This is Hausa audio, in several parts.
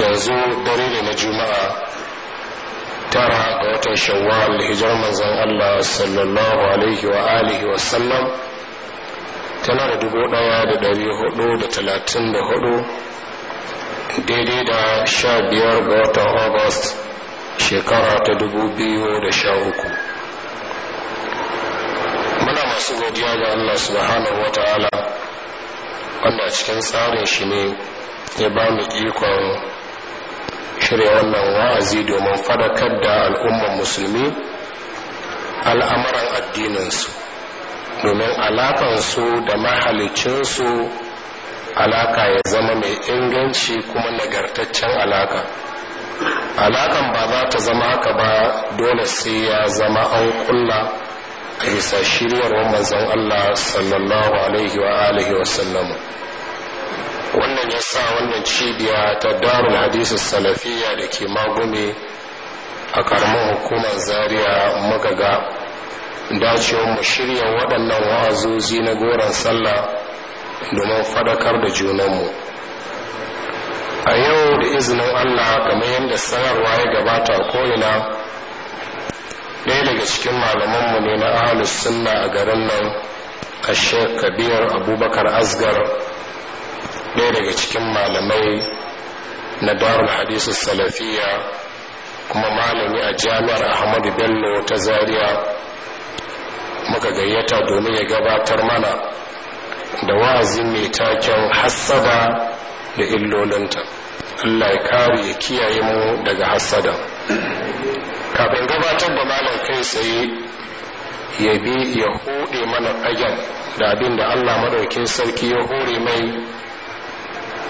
ta yanzu dare ne na juma'a tara ga watan shawwal hijar manzon allah sallallahu alaihi wa alihi wa sallam tana da dubu daya da dari hudu da talatin da hudu daidai da sha biyar ga watan august shekara ta dubu biyu da sha uku muna masu godiya ga allah subhanahu wa ta'ala wanda cikin tsarin shi ne ya ba mu ikon shirya wannan wa'azi domin fadakar da al'umman musulmi al'amuran addininsu domin alakansu da mahalicinsu alaka ya zama mai inganci kuma nagartaccen alaka alakan ba za ta zama haka ba dole sai ya zama an kulla a bisa shiryarwar manzon Allah sallallahu alaihi wa alihi wa wannan ya sa wannan cibiya ta darun hadisu salafiya da ke magumi a karamin hukumar zaria magaga dacewar mu shirya waɗannan wa'azozi na goron sallah domin fadakar da junanmu a yau da izinin allah kamar yadda sanarwa ya gabata ko'ina ɗaya daga cikin malamanmu ne na ahalus sunna a garin nan a shek abubakar asgar ɗaya daga cikin malamai na darul hadisu salafiya kuma malami a jami'ar ahmadu bello ta zaria muka gayyata domin ya gabatar mana da wa'azi mai taken hassada da illolinta allah ya kare ya kiyaye mu daga hassada kafin gabatar da malam kai tsaye ya bi ya hude mana fagen da abin da allah maɗaukin sarki ya hore mai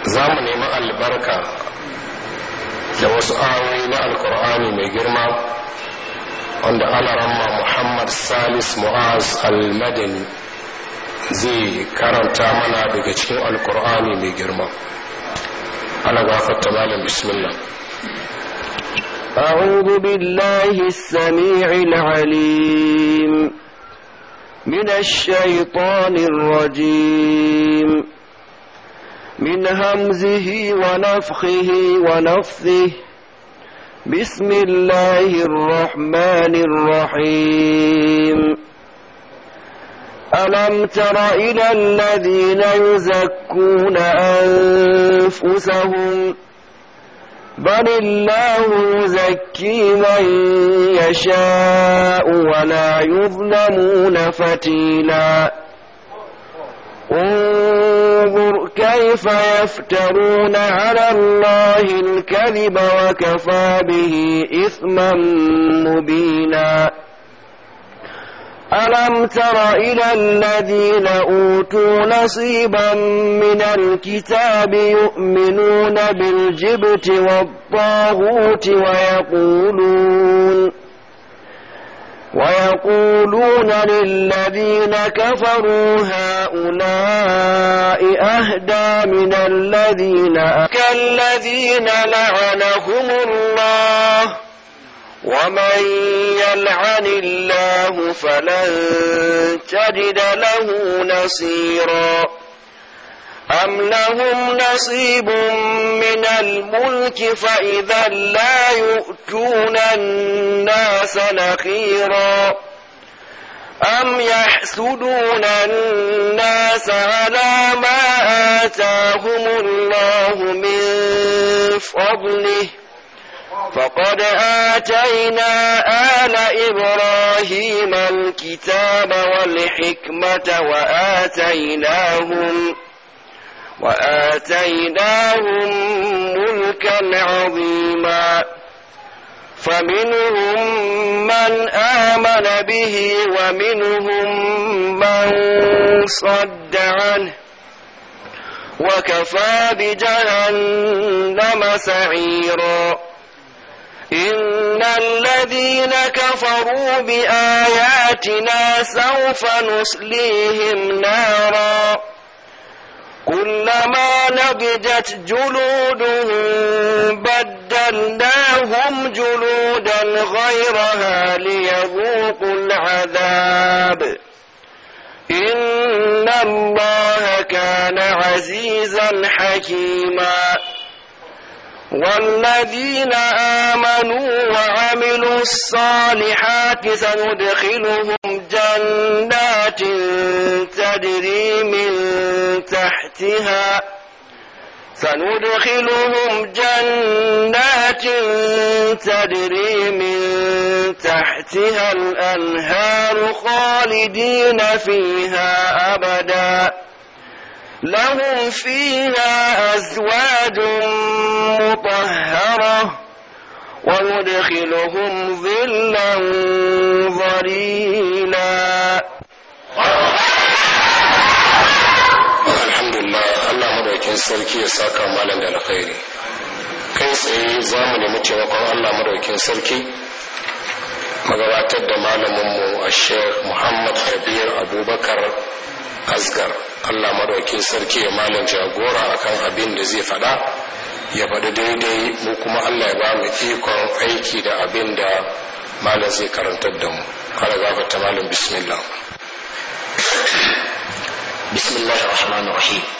za mu nemi albarka da wasu ayoyi na alkur'ani mai girma wanda alaramma muhammad salis mu'az al-madani zai karanta mana daga cikin alkur'ani mai girma ana gafarta malam bismillah أعوذ بالله السميع العليم من الشيطان الرجيم من همزه ونفخه ونفثه بسم الله الرحمن الرحيم ألم تر إلى الذين يزكون أنفسهم بل الله يزكي من يشاء ولا يظلمون فتيلا انظر كيف يفترون على الله الكذب وكفى به إثما مبينا ألم تر إلى الذين أوتوا نصيبا من الكتاب يؤمنون بالجبت والطاغوت ويقولون ويقولون للذين كفروا هؤلاء أهدى من الذين كالذين لعنهم الله ومن يلعن الله فلن تجد له نصيراً أم لهم نصيب من الملك فإذا لا يؤتون الناس نخيرا أم يحسدون الناس على ما آتاهم الله من فضله فقد آتينا آل إبراهيم الكتاب والحكمة وآتيناهم وآتيناهم ملكا عظيما فمنهم من آمن به ومنهم من صد عنه وكفى بجهنم سعيرا إن الذين كفروا بآياتنا سوف نصليهم ناراً كلما نضجت جلودهم بدلناهم جلودا غيرها ليذوقوا العذاب إن الله كان عزيزا حكيما والذين آمنوا وعملوا الصالحات سندخلهم جنات تجري من تحت تحتها سندخلهم جنات تدري من تحتها الأنهار خالدين فيها أبدا لهم فيها أزواج مطهرة وندخلهم ظلا ظليلا madaukin sarki ya saka malam da alkhairi kai tsaye za mu nemi taimakon allah madaukin sarki magabatar da malaminmu a sheikh muhammad kabir abubakar asgar allah madaukin sarki ya malam jagora akan abin da zai faɗa ya faɗi daidai mu kuma allah ya ba mu ikon aiki da abin da malam zai karantar da mu kala gafata malam bismillah bismillah rahman rahim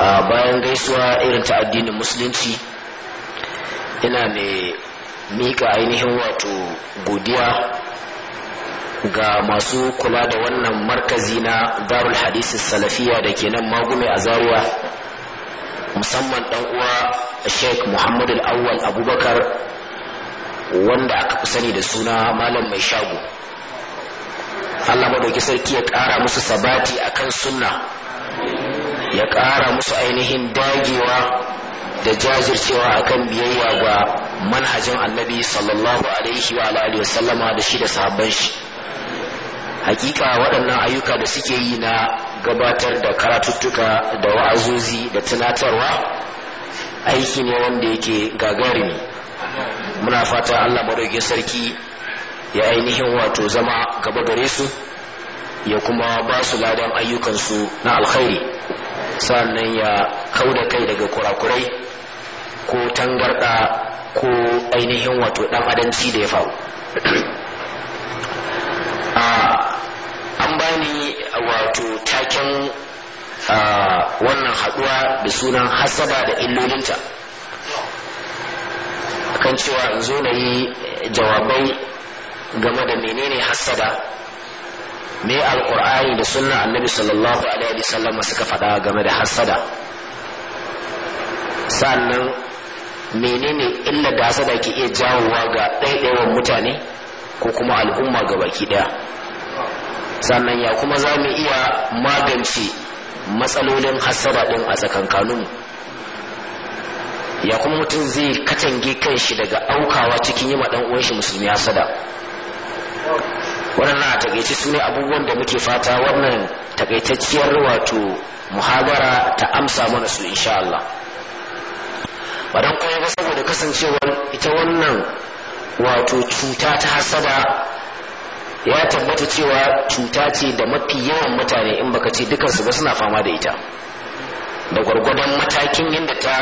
a bayan gaisuwa irin ta addinin musulunci ina mai mika ainihin wato godiya ga masu kula da wannan markazi na darul hadisi salafiya da ke nan magume a zaruwa musamman dan uwa sheikh muhammadu al'awwal abubakar wanda aka fi sani da suna malam mai shago allah madauki sarki ya kara musu sabati akan sunna ya ƙara musu ainihin dagewa da jajircewa akan biyayya ga manhajin annabi sallallahu alaihi wa alihi sallama da shi da sahabban shi hakika waɗannan ayyuka da suke yi na gabatar da karatuttuka da wa'azozi da tunatarwa aiki ne wanda yake gagarumi muna fata allah madauke sarki ya ainihin wato zama gaba gare su ya kuma ba su ladan ayyukansu na alkhairi sannan ya kau da kai daga kurakurai ko tangarɗa ko ainihin wato ɗan adamci da ya faru an bani wato taken wannan haɗuwa da sunan hasaba da illolinta kan cewa in zo na yi jawabai game da menene hasada me alkur'ani da sunna annabi sallallahu alaihi sallam suka faɗa game da hasada sannan menene illar da hasada ke iya jawowa ga ɗaiɗaiwan mutane ko kuma al'umma ga baki ɗaya sannan ya kuma za mu iya magance matsalolin hasada ɗin a tsakankanin ya kuma mutum zai katange kanshi daga aukawa cikin yi ma ɗan uwan shi musulmi hasada waɗannan a takaice su ne abubuwan da muke fata wannan takaitacciyar wato muhabara ta amsa mana su insha Allah ba don kuma ba saboda kasancewar ita wannan wato cuta ta hasada ya tabbata cewa cuta ce da mafi yawan mutane in baka ce su ba suna fama da ita da gwargwadon matakin yadda ta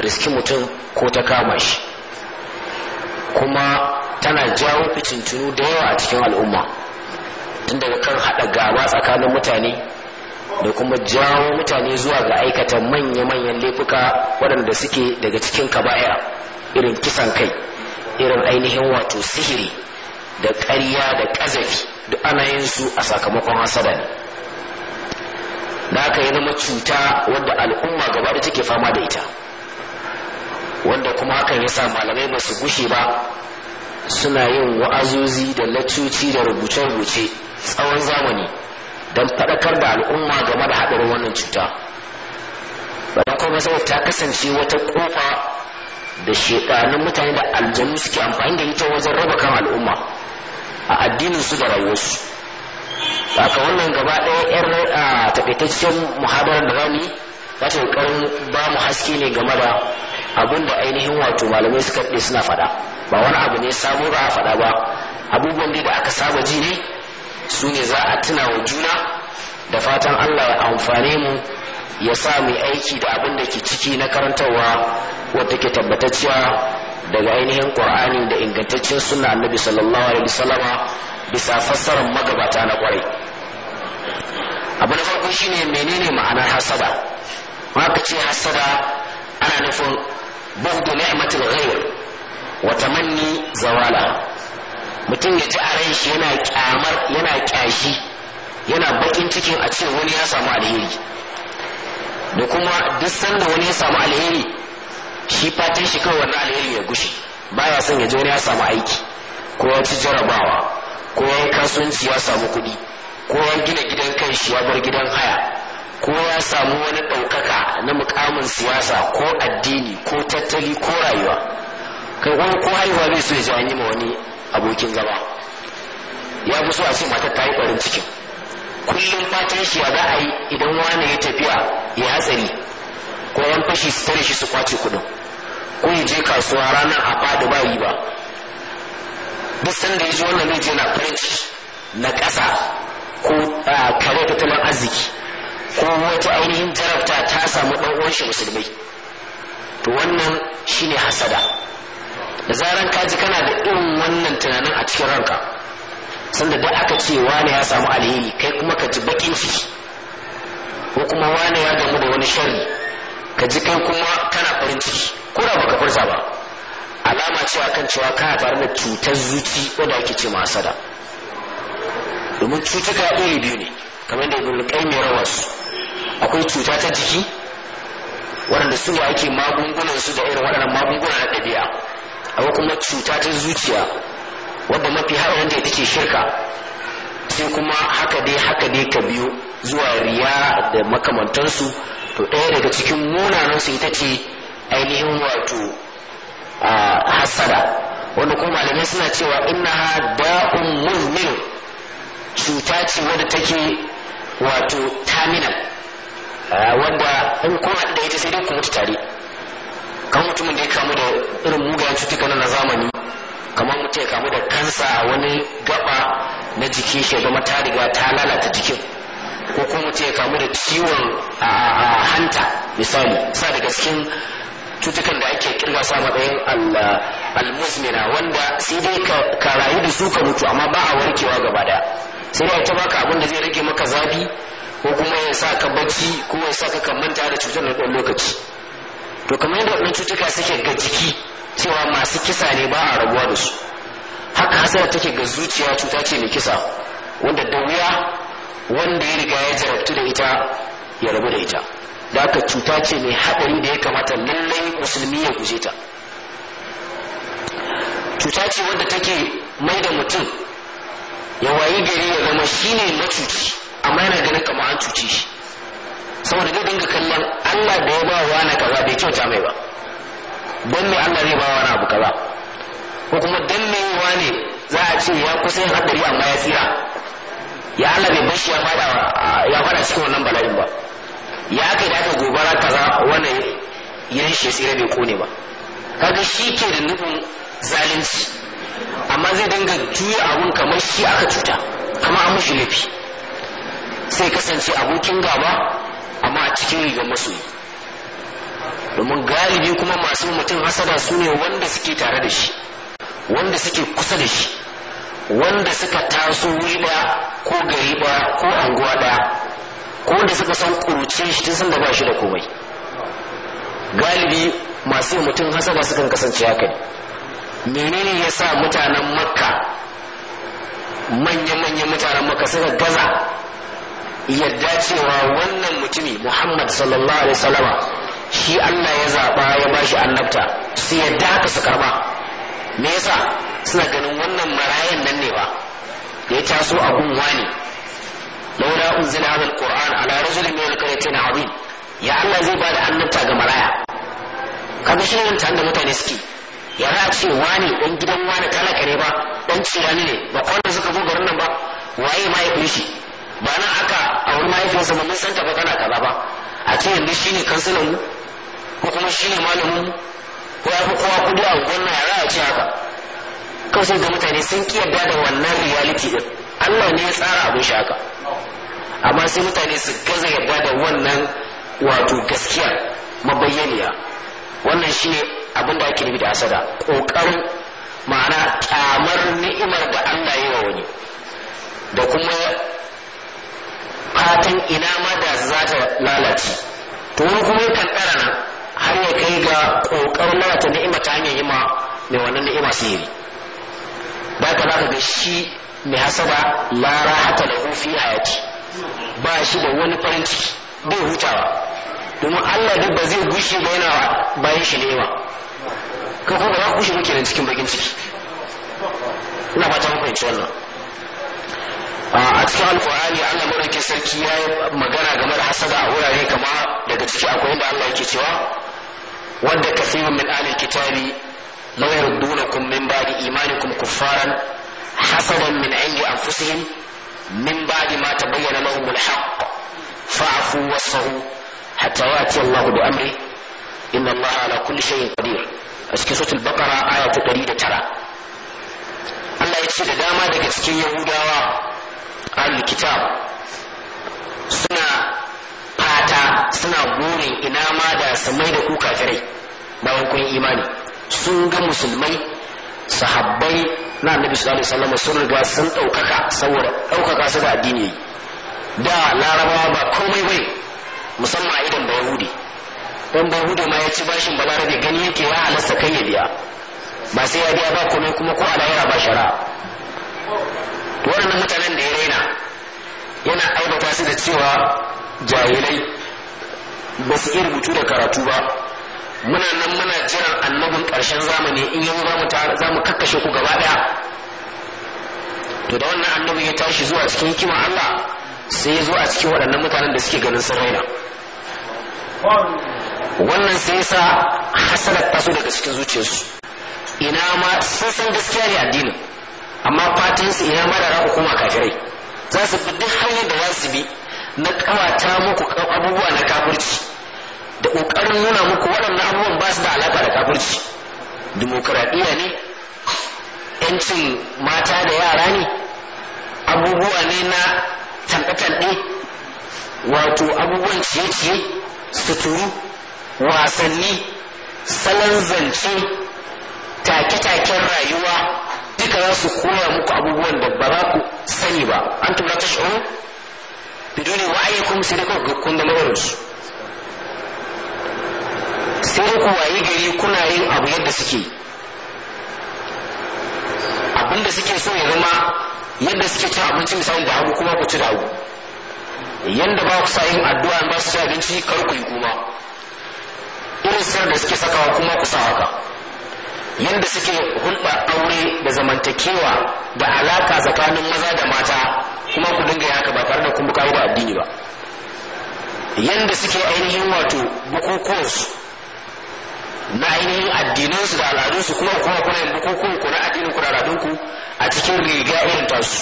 riski mutum ko ta kama shi kuma tana jawo fitintunu da yawa a cikin al'umma tun daga kan haɗa gaba tsakanin mutane da kuma jawo mutane zuwa ga aikata manya-manyan laifuka waɗanda suke daga cikin kabaya irin kisan kai irin ainihin wato sihiri da ƙarya da ƙazafi duk ana yin su a sakamakon hasada ne da aka yi zama cuta wadda al'umma gaba da take fama da ita wanda kuma hakan ya sa malamai ba su gushe ba suna yin wa'azozi da latuci da rubuce-rubuce tsawon zamani don faɗakar da al'umma game da haɗarin wannan cuta bayan kuma saboda ta kasance wata ƙofa da shekarun mutane da aljanu suke amfani da ita wajen raba kan al'umma a addinin su da rayuwarsu haka wannan gaba ɗaya yar a taƙaitaccen muhabarar da rami yi za ta ba mu haske ne game da abin da ainihin wato malamai suka ɗe suna faɗa ba wani abu ne samu ba a faɗa ba abubuwan da aka saba ji ne su ne za a tuna wa juna da fatan allah ya amfane mu ya sa mu aiki da abin da ke ciki na karantarwa wadda ke tabbatacciya daga ainihin ƙur'ani da ingantaccen sunna annabi sallallahu alaihi salama bisa fassarar magabata na kwarai abu na farko shine menene ma'anar hasada ma ka ce hasada ana nufin bughdu ni'matul ghayr watamanni zawala mutum ya ji a ran shi yana kyamar yana kyashi yana bakin cikin a ce wani ya samu alheri da kuma duk sanda wani ya samu alheri shi fatan shi kawai wannan alheri ya gushi baya son ya ji wani ya samu aiki ko ya ci jarabawa ko ya kasuwanci ya samu kuɗi ko ya gina gidan kan shi ya bar gidan haya ko ya samu wani ɗaukaka na mukamin siyasa ko addini ko tattali ko rayuwa kai wani ko haihuwa bai so ya ji an yi ma wani abokin zama ya fi so a ce matar ta yi ƙwarin cikin kullum fatan shi ya za a yi idan wani ya tafiya ya hatsari ko yan fashi su tare shi su kwace kuɗin ko ya je kasuwa ranar a faɗi ba yi ba duk sanda ya ji wannan zai je na farin ciki na ƙasa ko kare tattalin arziki ko wata ainihin jarabta ta samu ɗan uwan shi musulmai to wannan shine hasada da zaran ka ji kana da irin wannan tunanin a cikin ranka sanda da aka ce wane ya samu alheri kai kuma ka ji bakin ciki ko kuma wane ya gamu da wani sharri ka ji kai kuma kana farin ciki ko da baka furta ba alama cewa kan cewa kana tare da cutar zuci da ake ce ma asada domin cutuka iri biyu ne kamar da ibn qayyim ya rawa su akwai cuta ta jiki waɗanda su ake magungunan su da irin waɗannan magunguna na ɗabi'a akwai kuma cuta ta zuciya wadda mafi wanda ita ce shirka sai kuma haka dai haka dai ka biyo zuwa riya da makamantansu to ɗaya daga cikin munanan su ita ce ainihin wato hasara wanda kuma malamai suna cewa ina da'un muzmin cuta ce wadda take wato terminal wanda in kuma da ita sai dai ku tare kan mutumin da ya kamu da irin mugayen cutuka na zamani kamar mutum ya kamu da kansa a wani gaba na jiki shi zama ta riga ta lalata jikin ko kuma mutum ya kamu da ciwon a hanta misali sa daga cikin cutukan da ake kirga sa matsayin al-muzmina wanda sai dai ka rayu da su ka mutu amma ba a warkewa gaba daya sai dai ta baka abin da zai rage maka zafi ko kuma ya sa ka bacci ko ya sa ka manta da cutar na ɗan lokaci to kamar yadda waɗannan cutuka suke ga jiki cewa masu kisa ne ba a rabuwa da su haka hasara take ga zuciya cuta ce mai kisa wanda da wuya wanda ya riga ya jarabtu da ita ya rabu da ita da haka cuta ce mai haɗari da ya kamata lallai musulmi ya guje ta cuta ce wanda take mai da mutum ya wayi gari ya zama shine macuci amma yana ganin kamar an cuci. shi saboda zai dinga kallon Allah da ya ba wa na kaza bai kyauta mai ba don me Allah zai ba wa na abu kaza ko kuma don me wa ne za a ce ya kusa yin haɗari amma ya tsira ya Allah bai bashi ya fada ya fada cikin wannan bala'in ba ya aka da aka gobara kaza wannan gidan shi tsira bai kone ba kaga shi ke da nufin zalunci amma zai dinga juya abun kamar shi aka cuta kamar an mushi laifi sai kasance abokin gaba kuma a cikin rigar masoyi domin galibi kuma masu mutum hasada su ne wanda suke tare da shi wanda suke kusa da shi wanda suka taso wuri ɗaya ko gari ba ko anguwa ɗaya ko wanda suka san kuruce shi tun san da ba shi da komai galibi masu mutum hasada sukan kasance haka ne menene ya sa mutanen makka manya-manya mutanen makka suka gaza yadda cewa wannan mutumi Muhammad sallallahu alaihi wasallama shi Allah ya zaba ya ba shi annabta su yadda aka su karba me yasa suna ganin wannan marayan nan ne ba ya taso a gunwa ne laula unzila hadha alquran ala rajulin min alqaryatin azim ya Allah zai bada annabta ga maraya kaga shi ne da mutane suke ya za a ce wani dan gidan wani talaka ne ba dan cirani ne ba kwanda suka buga garin nan ba waye ma ya shi ba na aka a wurin mahaifinsa ba mun san ta ba kana kaza ba a ce yanzu shi ne kansilan mu ko kuma shi ne malamin ko ya fi kowa kudi a na yara a ce haka kawai sai ga mutane sun ki yarda da wannan reality din Allah ne ya tsara abin shi haka amma sai mutane su gaza yarda da wannan wato gaskiya mabayyaniya wannan shine abin da ake nufi da asada kokarin ma'ana kyamar ni'imar da Allah ya wa wani da kuma fatan ina ma da za ta lalace to wani kuma kan ɗara nan har ya kai ga ƙoƙarin lalata ni'ima ta hanyar yima mai wannan ni'ima yi da ka ga shi mai hasaba la rahata lahu fi hayati ba shi da wani farin ciki bai hutawa domin Allah duk ba zai gushi ba yana bayan shi ne ba ka kuma ba za ku muke nan cikin bakin ciki ina fata muku yanci wannan a cikin alkur'ani Allah madaukakin sarki ya yi magana game da hasada a wurare kama daga ciki akwai inda Allah yake cewa wanda kasirun min ahli kitabi law kun min ba'di imanikum kuffaran hasadan min 'indi anfusihim min ba'di ma tabayyana lahum al-haqq fa'fu wasahu hatta ya'ti Allah bi amri inna Allah ala kulli shay'in qadir a cikin suratul baqara aya ta tara Allah ya ce da dama daga cikin yahudawa al-kitab suna fata suna burin ina ma da su mai da kuka kafirai ba hukun imani sun ga musulmai sahabbai na annabi sallallahu alaihi wasallam sun riga sun ɗaukaka saboda ɗaukaka su da addini da larabawa ba komai bai musamman a idan bayahudi don bayahudi ma ya ci bashin balarabe gani yake ya halasta kai ya biya ba sai ya biya ba komai kuma ko a ba shara waɗannan mutanen da ya raina yana aibata su da cewa jahilai ba su iya rubutu da karatu ba muna nan muna jiran annabin ƙarshen zamani in yi za mu kakkashe ku gaba ɗaya to da wannan annabin ya tashi zuwa cikin hikimar Allah sai ya zo a cikin waɗannan mutanen da suke ganin sun raina wannan sai ya sa hasalar taso daga cikin zuciyarsu ina ma sun san gaskiya ne addinin amma fatan su ina mara ra hukuma kafirai za su bi duk hanyar da za su bi na kawata muku abubuwa na kafirci da ƙoƙarin nuna muku waɗannan abubuwan ba su da alaƙa da kafirci dimokuraɗiyya ne yancin mata da yara ne abubuwa ne na tanɗe-tanɗe wato abubuwan ciye-ciye suturu wasanni salon zance take-taken rayuwa duka za su koya muku abubuwan da ba za ku sani ba an tumla ta shi'o bidoni ayi kuma sai kuma ga kun da su sai ku waye gari kuna yin abu yadda suke abinda suke so ya zama yadda suke cin abinci misali da hagu kuma ku ci da hagu yadda ba ku sa yin addu'a ba su ci abinci kar ku yi kuma irin sirri da suke sakawa kuma ku sa haka yadda suke hulɓa aure da zamantakewa da alaka tsakanin maza da mata kuma ku dinga haka ba tare da kuma kawo ba addini ba yadda suke ainihin wato bukukuwansu na ainihin addinansu da al'adunsu kuma kuma kuna yin bukukuwan ku na addinin ku da al'adunku a cikin riga irin tasu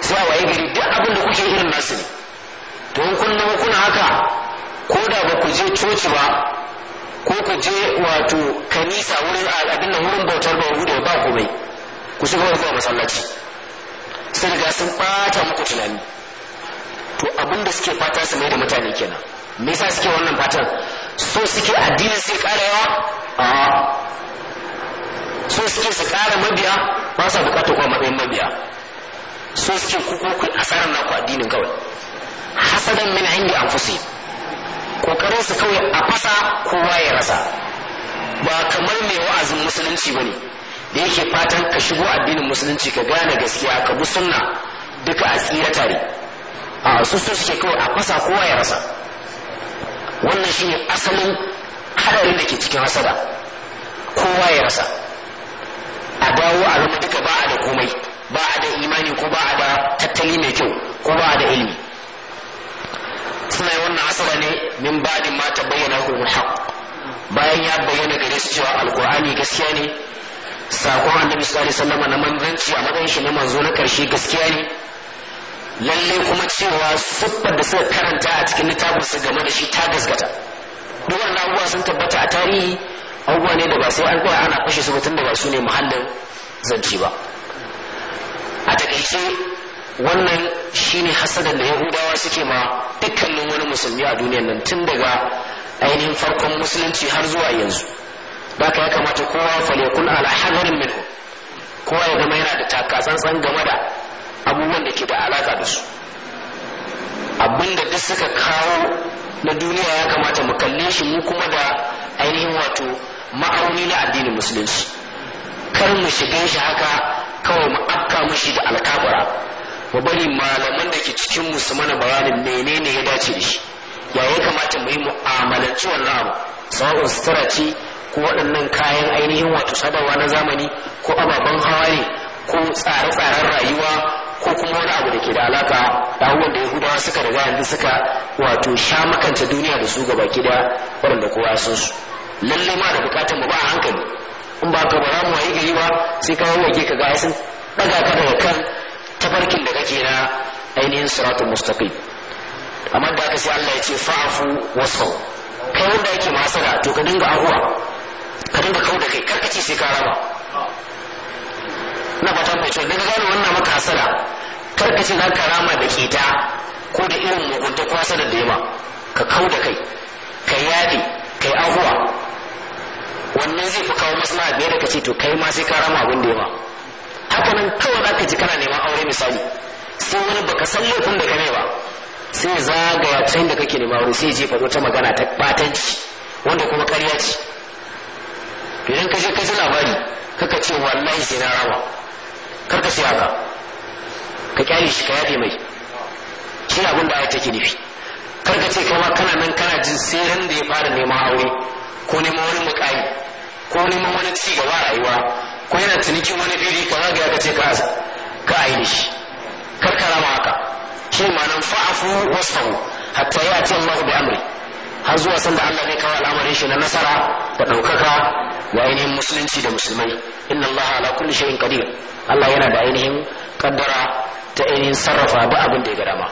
sai a waye gari duk abin da kuke irin nasu ne to kun kuna haka ko da ba ku je coci ba ko ku je wato kanisa wurin abin nan wurin bautar bahude ba komai ku shiga wani zuwa masallaci sai riga sun ɓata muku tunani to abin da suke fata su mai da mutane kenan me yasa suke wannan fatan so suke addinin sai ƙara yawa a so suke su ƙara mabiya ba sa bukatar kuma matsayin mabiya so suke kuku kun asarar naku addinin kawai hasadan min indi anfusihim kokarin su kawai a fasa kowa ya rasa ba kamar mai wa'azin musulunci ba ne da yake fatan ka shigo addinin musulunci ka gane gaskiya ka bi sunna duka a tsira tare a su so suke kawai a fasa kowa ya rasa wannan shine asalin hadarin da ke cikin hasada kowa ya rasa a dawo a zama duka ba a da komai ba a da imani ko ba a da tattali mai kyau ko ba a da ilimi suna yi wannan asara ne min ba'din ma bayyana lahum haq bayan ya bayyana gare su cewa alqur'ani gaskiya ne sakon annabi sallallahu alaihi wasallam na manzanci a matsayin shi na manzo na karshe gaskiya ne lalle kuma cewa siffar da suka karanta a cikin littafin su game da shi ta gaskata duk wannan abubuwa sun tabbata a tarihi abubuwa ne da ba sai an ana kashe su tun da ba su ne muhallin zanci ba a takaice wannan shine hasadar da yahudawa suke ma dukkanin wani musulmi a duniyar nan tun daga ainihin farkon musulunci har zuwa yanzu haka ya kamata kowa kun ala hadarin minhu kowa ya zama yana da takatsantsan game da abubuwan da ke da alaka da su abin da duk suka kawo na duniya ya kamata mu kalle shi mu kuma da ainihin wato ma'auni na addinin musulunci kar mu shiga shi haka kawai mu afka mushi da alkabara wa bari malaman da ke cikin musamman bayanin menene ya dace da shi ya ya kamata mu yi mu'amalanci wannan abu sawa'un sutura ce ko waɗannan kayan ainihin wato sadarwa na zamani ko ababen hawa ne ko tsare-tsaren rayuwa ko kuma wani abu da ke da alaka da abubuwan da yahudawa suka riga yanzu suka wato sha makanta duniya da su gaba gida waɗanda kowa sun su lallai ma da bukatar mu ba a hankali in ba ka ba mu wayi gari ba sai ka wawwake ka ga sun ɗaga ka daga kan tafarkin da kake na ainihin siratul mustaqim amma da aka sai Allah ya ce fa'afu wasau kai wanda yake masara to ka dinga ahuwa ka dinga kauda kai kar kace sai ka rama na fatan mai ce daga gane wannan maka asara, kar kace za ka rama da keta ko da irin mugunta ko hasala da yama ka kauda kai ka yadi kai ahuwa wannan zai fi kawo maslaha biyar da kace to kai ma sai ka rama abin da haka nan kawai za ka ji kana neman aure misali sai wani baka san laifin da ka ne ba sai zagaya tsayin da kake neman aure sai jefa wata magana ta batanci wanda kuma karya ce idan ka je ka ji labari kaka ce wallahi sai na kar ka siya ka ka kyale shi ka yafe mai shi abin da ayat take nufi kar ka ce kama kana nan kana jin sai ran da ya fara neman aure ko neman wani mukami ko neman wani ci gaba a rayuwa ko yana cinikin wani fili ka zaga ya ce ka ka aini shi karkara ma haka shi ma'anan fa'afu wasu hatta ya ce Allah bi amri har zuwa sanda Allah ne kawo al'amarin shi na nasara da ɗaukaka da ainihin musulunci da musulmai inna Allah ala kulli shay'in qadir Allah yana da ainihin kaddara ta ainihin sarrafa da abin da ya ga dama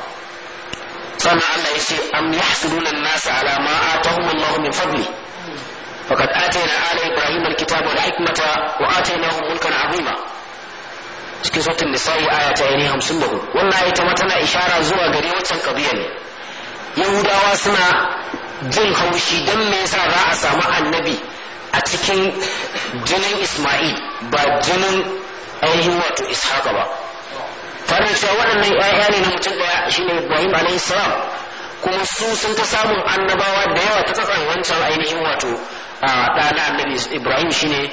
sannan Allah ya ce am yahsuduna an-nasa ala ma atahum Allah min fadli فقد آتينا آل إبراهيم الكتاب والحكمة وآتيناهم ملكا عظيما cikin sautin nisa'i aya ta yanayi hamsin da hudu wannan ita ma tana ishara zuwa gare waccan kabiyar ne yahudawa suna jin haushi don me yasa za a samu annabi a cikin jinin isma'il ba jinin ainihin wato ishaka ba tare cewa waɗannan 'ya'ya ne na mutum ɗaya shine ibrahim alayhi salam kuma su sun ta samun annabawa da yawa ta tsatsan wancan ainihin wato ɗa na annabi ibrahim shine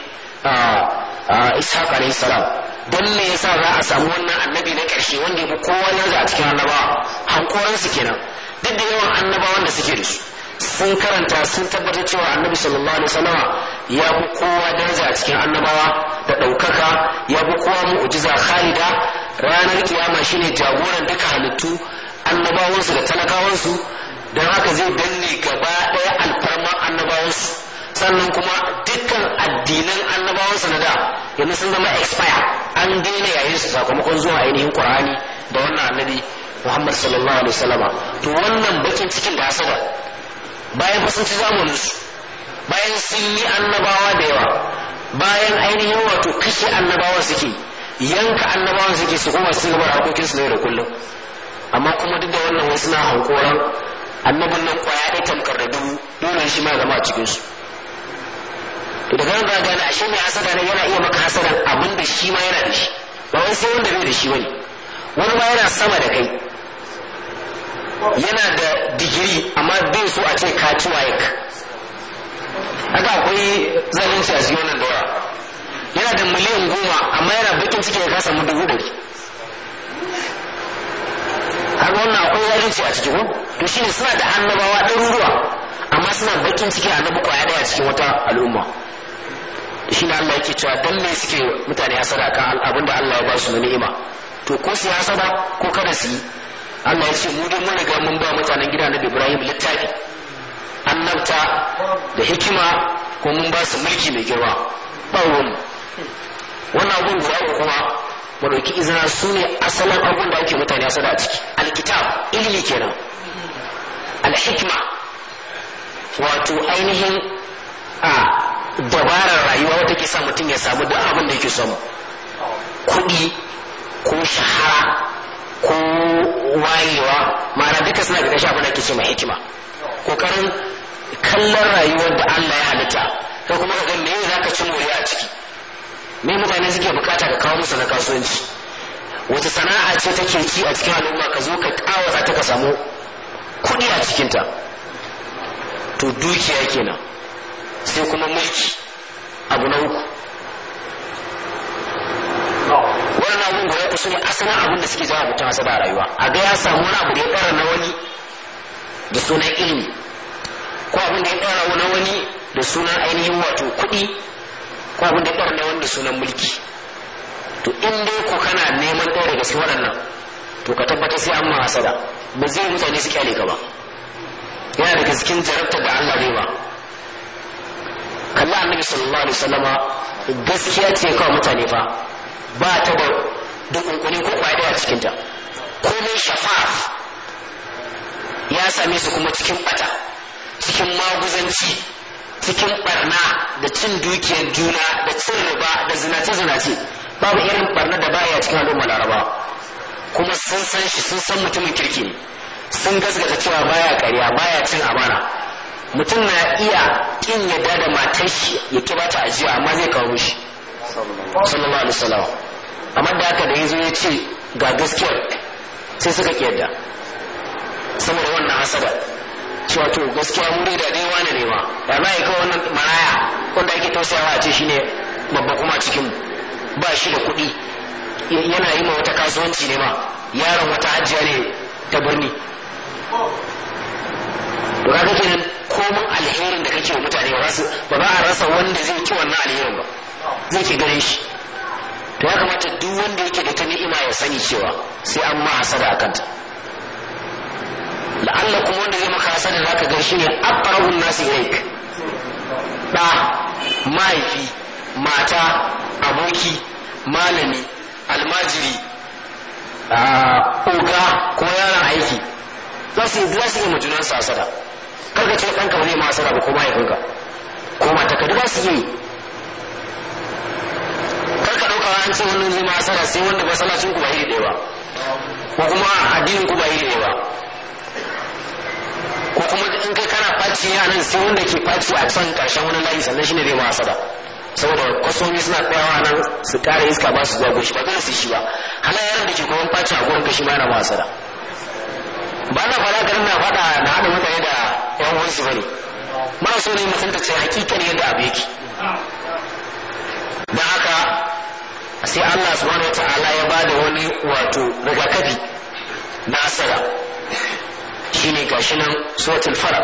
ishaq alayhi salam don me yasa za a samu wannan annabi na ƙarshe wanda ya fi kowa ne a cikin annabawa hankoransu kenan duk da yawan annabawan da suke da su sun karanta sun tabbatar cewa annabi sallallahu alaihi wasallam ya fi kowa daraja a cikin annabawa da ɗaukaka ya fi kowa mu'jiza khalida ranar kiyama shine jagoran duka halittu annabawansu da talakawansu don haka zai danne gaba ɗaya alfarma annabawansu sannan kuma dukkan addinan annabawansa na da yanzu sun zama expire an daina yayin su sakamakon zuwa ainihin qur'ani da wannan annabi muhammad sallallahu alaihi wasallama to wannan bakin cikin da asabar bayan fa sun ci zamanin su bayan sun yi annabawa da yawa bayan ainihin wato kashe annabawa suke yanka annabawan suke su kuma su gaba harkokin su ne da kullum amma kuma duk da wannan wasu na hankoran annabin nan kwaya ɗaya tamkar da dubu dole shi ma zama a cikinsu to daga ga gane ashe mai hasada ne yana iya maka hasada abin da shi ma yana da shi ba wai sai wanda bai da shi bane wani ma yana sama da kai yana da digiri amma bai so a ce ka ci waye ka haka akwai zalunci a cikin wannan dawa yana da miliyan goma amma yana bakin ciki ya kasa dubu ɗari haka wannan akwai zalunci a cikin to to shine suna da annabawa ɗaruruwa amma suna bakin ciki annabi kwaya daya cikin wata al'umma shi na Allah yake cewa dan me suke mutane hasada kan abinda Allah ya ba su ni'ima to ko su hasada ko kada su yi Allah ya ce mu dai mun riga mun ba mutanen gida na Ibrahim littafi annabta da hikima ko mun ba su mulki mai girma bawon wannan abun da yaro kuma mu dauki izina su ne asalin abun da ake mutane hasada a ciki alkitab ilimi kenan alhikma wato ainihin a dabarar rayuwa wata ke sa mutum ya samu duk abin da yake samu kuɗi ko shahara ko wayewa ma'ana duka suna da abin da ke ce mai hikima kokarin kallon rayuwar da Allah ya halitta ko kuma ga me za ka ci moriya a ciki me mutane suke bukata ka kawo musu na kasuwanci wata sana'a ce take ci a cikin al'umma ka zo ka kawata ta ka samu kuɗi a cikinta to dukiya kenan sai kuma mulki abu na uku wani abun da ya suna ne asalin abun da suke jawo mutum hasada a rayuwa a ga ya samu wani abu da ya ɗara na wani da sunan ilimi ko abun da ya ɗara na wani da sunan ainihin wato kuɗi ko abun da ya ɗara na wani da sunan mulki to in dai ku kana neman ɗaya daga cikin waɗannan to ka tabbata sai an ma hasada ba zai mutane su kyale ka ba yana daga cikin jarabtar da Allah bai ba kalli annabi sallallahu alaihi wasallama gaskiya ce kawai mutane fa ba ta da dukunkuni ko kwaya daya cikin ta komai shafaf ya same su kuma cikin bata cikin maguzanci cikin barna da cin dukiyar juna da cin riba da zinace zinace babu irin barna da baya cikin al'umma laraba kuma sun san shi sun san mutumin kirki ne sun gasgata cewa baya karya baya cin amana mutum na iya kin ya dada matar shi ya ki bata ajiya amma zai kawo shi sallallahu alaihi wasallam amma da haka da yazo ya ce ga gaskiyar sai suka kiyarda yadda saboda wannan hasada cewa to gaskiya mun da dai wani ne ma ba na kawo wannan maraya wanda ake tausayawa a ce shine babba kuma cikin ba shi da kuɗi yana yi ma wata kasuwanci ne ma yaron wata hajjiya ne ta birni to kaga kenan komin alherin da kake wa mutane ba za a rasa wanda zai ci wannan alherin ba zai ke gare shi to ya kamata duk wanda yake da ta ni'ima ya sani cewa sai an ma hasada a kanta la'alla kuma wanda zai maka hasada za ka gaishe ne abbarahun nasu ilaik ɗa mahaifi mata aboki malami almajiri oga ko yaran aiki za su yi mutunan sasada kar ka ce ɗanka ba zai ma asara ba ko mahaifinka ko mata duk ba su yi kar ka ɗauka an ce wannan zai ma asara sai wanda masallacin ku ba iri ɗaya ba ko kuma addinin ku ba iri ɗaya ba ko kuma in kai kana faci ya nan sai wanda ke faci a can ƙarshen wani layi sannan shi ne ma asara saboda kwasomi suna tsayawa nan su kare iska ba su zuwa goshi ba dole su shi ba halayyar da ke kuma faci a gurin kashi ma yana ma ba na fara garin na faɗa na haɗa mutane da yan wansu bane mara so ne mu tantance hakikan yadda abu yake dan haka sai Allah subhanahu wataala ya bada wani wato rigakafi na asara shine gashi nan suratul fara.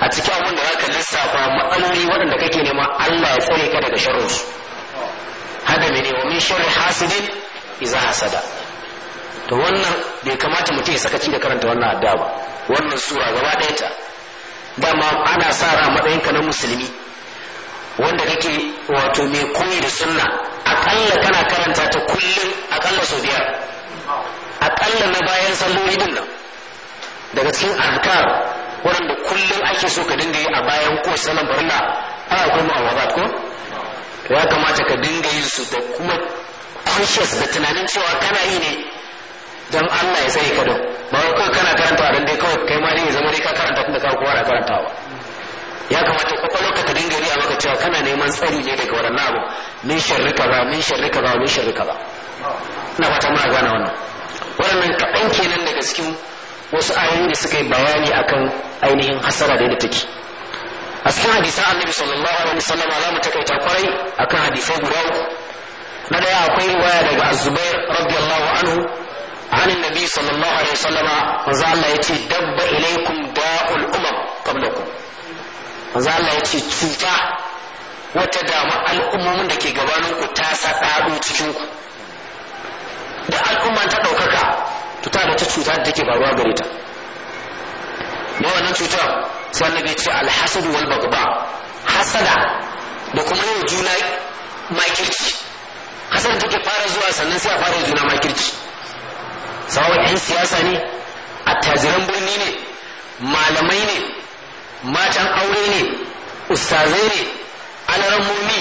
a cikin abin da zaka lissafa matsaloli waɗanda kake nema Allah ya tsare ka daga sharrinsu hada mene wa min sharri hasidin iza hasada to wannan bai kamata mutum ya sakaci da karanta wannan adda ba wannan sura gaba ɗayanta dama ana sa ra matsayinka na musulmi wanda kake wato mai koyi da sunna akalla kana karanta ta kullum akalla sau biyar akalla na bayan salloli din nan daga cikin azkar waɗanda kullum ake so ka dinga yi a bayan ko sallan barna ana kuma wazat ko ya kamata ka dinga yin su da kuma conscious da tunanin cewa kana yi ne don Allah ya sai ka don ba wai kawai kana karantawa don dai kawai kai ma dai zama dai ka karanta kuma ka kowa na karantawa ya kamata ka ta dinga riya maka cewa kana neman tsari ne daga waɗannan abu min sharri ba min sharri ba min sharri kaza ina fata muna gane wannan waɗannan kaɗan kenan daga cikin wasu ayoyi da suka yi bayani akan ainihin hasara da take a cikin hadisan annabi sallallahu alaihi wasallam za mu takaita kwarai akan hadisai guda uku na daya akwai riwaya daga azubair radiyallahu anhu عن النبي صلى الله عليه وسلم manzo Allah ya ce dabba ilaikum da'ul umam qablakum manzo Allah ya ce cuta wata dama al'ummomin da ke gabanin ku ta saɗaɗo cikin ku da al'umma ta ɗaukaka to ta da ta cuta da take faruwa gare ta ne wannan cutar sai annabi ce alhasad wal bagba hasada da kuma yau juna makirci hasada take fara zuwa sannan sai a fara juna makirci sawon 'yan siyasa ne attajiran birni ne malamai ne matan aure ne ustazai ne alarammomi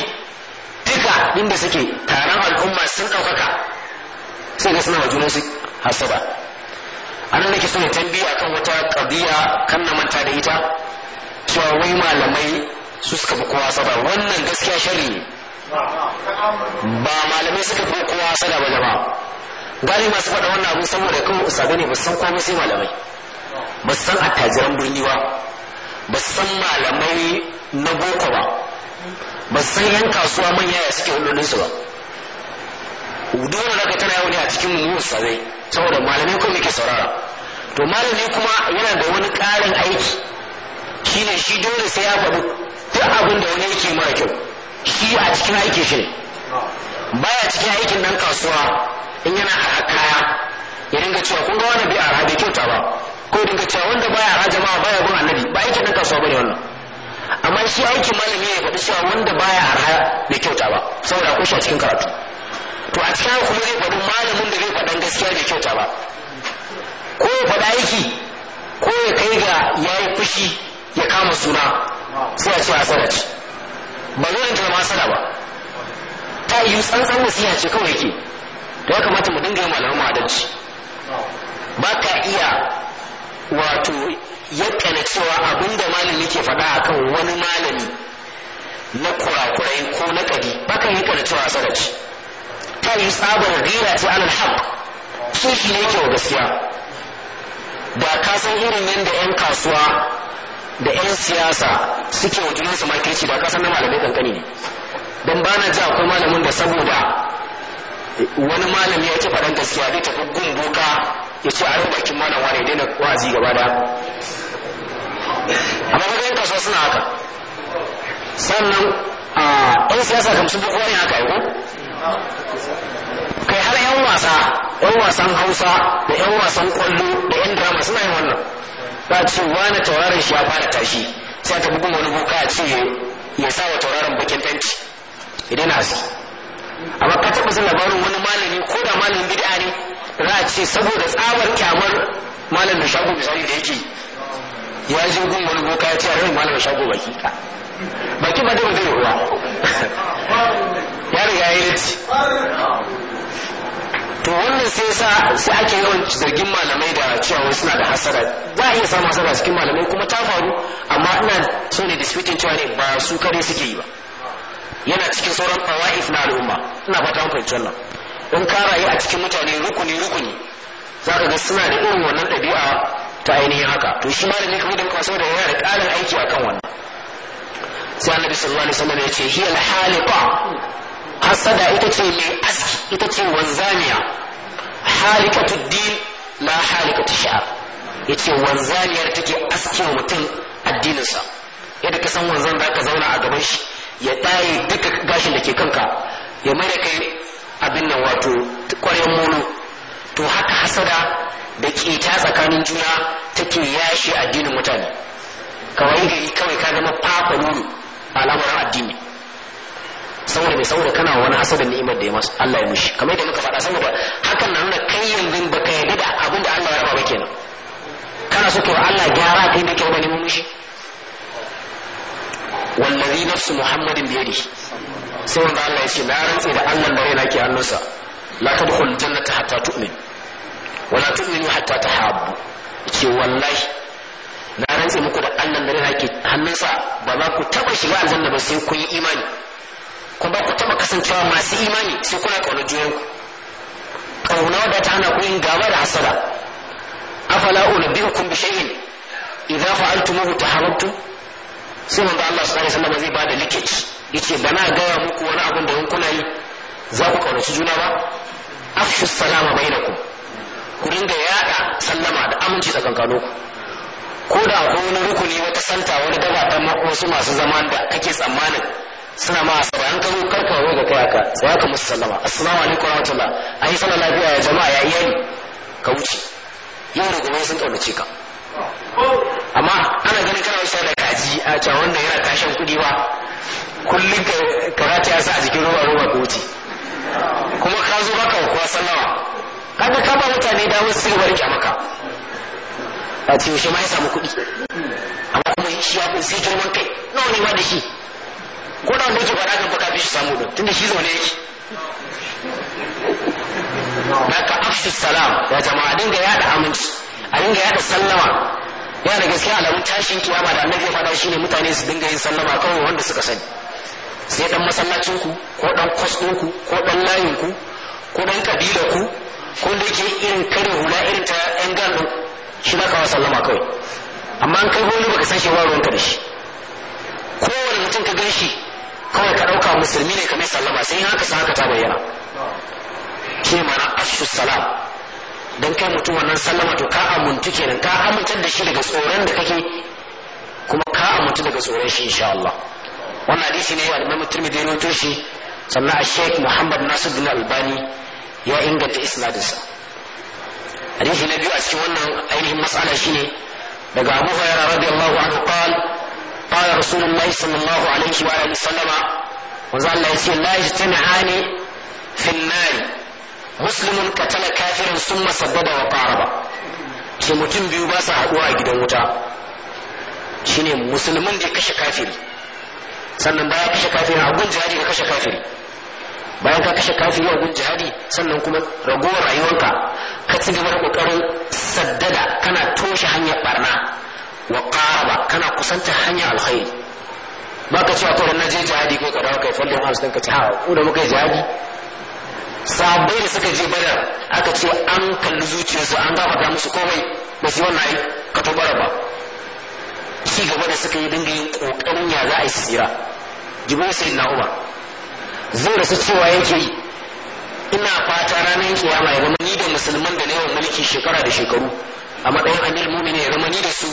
duka inda suke taron al'umma sun ɗaukaka sai ga suna wajen su hasaba a nan nake suna tambiya akan wata ƙabiya kan na manta da ita cewa wai malamai su suka fi kowa saba wannan gaskiya shari ba malamai suka fi kowa saba ba jama'a gani masu faɗa wannan abu saboda kan usabe ne ba san komai sai malamai ba san attajiran birni ba ba san malamai na boko ba ba san yan kasuwa manya ya suke su ba dole daga tana yau ne a cikin mu usabe saboda malamai kuma yake saurara to malami kuma yana da wani ƙarin aiki shine shi dole sai ya faɗi duk abin da wani yake mara kyau shi a cikin aikin shi ne baya cikin aikin nan kasuwa in yana a kaya ya dinga cewa kun ga wani bai arha bai kyauta ba ko ya dinga cewa wanda baya a jama'a baya bin annabi ba aikin dinka so bane wannan amma shi aikin malami ya faɗi cewa wanda baya arha bai kyauta ba saboda a shi a cikin karatu to a cikin kuma zai faɗi malamin da zai faɗan gaskiya bai kyauta ba ko ya faɗa aiki ko ya kai ga ya yi fushi ya kama suna sai a ce asara ce ba zai rinta zama asara ba ta yi tsantsan wasiya ce kawai ke. to ya kamata mu dinga yin malaman adalci ba ka iya wato yakkana cewa abinda da malami ke faɗa akan wani malami na kurakurai ko na kadi ba ka yi yakkana cewa sadaci ta yi tsabar gaira ce alal haq kishi ne yake wa gaskiya da ka san irin yadda 'yan kasuwa da 'yan siyasa suke wa junansu makirci da ka san na malamai kankani ne don ba na ji akwai malamin da saboda wani malami ya ce faɗan gaskiya zai tafi gun boka ya ce a bakin malam wani ya daina wa'azi gaba da amma ba yan kasuwa suna haka sannan a ɗan siyasa kam sun fi wani haka yau kai har yan wasa yan wasan hausa da yan wasan kwallo da yan drama suna yin wannan ba ce wani tauraron shi ya fara tashi sai ta bugun wani boka a ce ya sa wa tauraron bakin fenti idan na aski a ka taɓa jin labarin wani malami ko da malamin bid'a ne za a ce saboda tsabar kyamar malam da shago misali da yake ya je gun wani boka ya ce a rai malam shago baki ka baki ba da bai ruwa ya riga ya yi to wannan sai sa sai ake yawan zargin malamai da cewa wai suna da hasara za a iya samun hasara cikin malamai kuma ta faru amma ina so ne disputing cewa ne ba su kare suke yi ba yana cikin sauran fawa'if na al'umma ina fata an fahimci wannan in ka rayu a cikin mutane rukuni rukuni za ka ga suna da irin wannan ɗabi'a ta ainihin haka to shi malami kamar da muka saboda yana da ƙarin aiki akan wannan sai annabi sallallahu alaihi wasallam ya ce hiya al-haliqa hasada ita ce mai aski ita ce wanzaniya halikatu din la halikatu shi'ar yace wanzaniyar take askin mutum addininsa yadda ka san wanzan da ka zauna a gaban shi ya ɗaye duka gashin da ke kanka ya mai kai abin nan wato kwarin mono to haka hasada da ƙeta tsakanin juna take yashi addinin mutane kawai gari kawai ka zama fafa nuru a lamarin addini saboda mai saboda kana wani hasadar ni'imar da ya masu Allah ya mushi kamar yadda muka faɗa saboda hakan na nuna kai yanzu baka yarda da abin da Allah ya raba ba kenan kana so kai Allah gyara kai da kyau ba ne mushi wallazi nafsu muhammadin biyadi sai wanda Allah ya ce na rantse da Allah da raina ke hannunsa la tadkhul jannata hatta tu'min wa la tu'minu hatta tahabbu ce wallahi na rantse muku da Allah da raina ke hannunsa ba za ku taba shiga aljanna ba sai kun yi imani kun ba ku taba kasancewa masu imani sai kuna kauna ku kauna da ta hana ku yin gaba da hasada afala unabbiukum bi shay'in idza fa'altumuhu tahabbtum sai manzo Allah sallallahu alaihi wasallam zai bada likici yace bana gaya muku wani abin da kuna yi za ku kaunaci juna ba afshu salama bainakum ku ringa yada sallama da aminci da ku ko da akwai wani rukuni wata santa wani daga ta wasu masu zama da kake tsammanin suna ma asaba an karo karfa wai ga kayaka haka tsaya ka musu sallama assalamu alaikum wa rahmatullah ayi sallah lafiya ya jama'a ya iyali ka wuce yau da gobe sun kaunace ka amma ana ganin kana wasu da kaji a can wanda yana tashin kuɗi ba kullum ka rata ya sa a jikin roba roba ko kuma ka zo baka kuwa sallama kaga ka ba mutane da wasu gaba rike maka a ce shi ma ya samu kuɗi amma kuma shi ya sai girman kai nawa ne ma da shi ko da wanda yake faɗa kan baka fi shi samu da tunda shi zaune yake naka afshu salam ya jama'a dinga yada aminci a dinga yada sallama yana da gaske alamun tashin kiyama da annabi ya faɗa shine mutane su dinga yin sallama kawai wanda suka sani sai dan masallacin ku ko dan kwas ku ko dan layin ku ko dan kabila ku ko da yake irin kare hula irin ta yan gano shi ba kawai sallama kawai amma an kai gole baka san shi ba ka da shi kowane mutum ka gan shi kawai ka ɗauka musulmi ne ka mai sallama sai haka sa haka ta bayyana shi mana ashu don kai mutum wannan sallama to ka amuntu kenan ka amintar da shi daga tsoron da kake kuma ka amintu daga tsoron shi insha Allah wannan hadisi ne al-Imam Tirmidhi ya rawaito shi sannan a Sheikh Muhammad Nasir Nasiruddin Albani ya inganta isnadinsa hadisi na biyu a cikin wannan ainihin mas'ala shine daga Abu Hurairah radiyallahu anhu qala qala Rasulullah sallallahu alaihi wa sallam wasallama manzo Allah ya ce la yajtami'ani fi an-nar muslimin tana kafirin sun masaddada wa ba ce mutum biyu ba sa haɗuwa a gidan wuta shine musulmin da ya kashe kafiri sannan baya kashe kafiri a gun jihadi ka kashe kafiri bayan ka kashe kafiri a gun jihadi sannan kuma ragowar rayuwarka ka ci gaba da kokarin saddada kana toshe hanyar barna wa qaraba kana kusantar hanyar alkhairi ba ka ce akwai na je jihadi ko ka dawo kai fallon hamsin ka ci ha ko da muka yi jihadi sabai da suka je badar aka ce an kalli zuciyarsu an gafarta musu komai ba su wannan ai ka bara ba ci gaba da suka yi dinga yin kokarin ya za a yi tsira jibin sai na uba. zai rasu cewa yake yi ina fata ranar kiyama ya zama ni da musulman da yawan mulki shekara da shekaru a matsayin amir mumini ya zama ni da su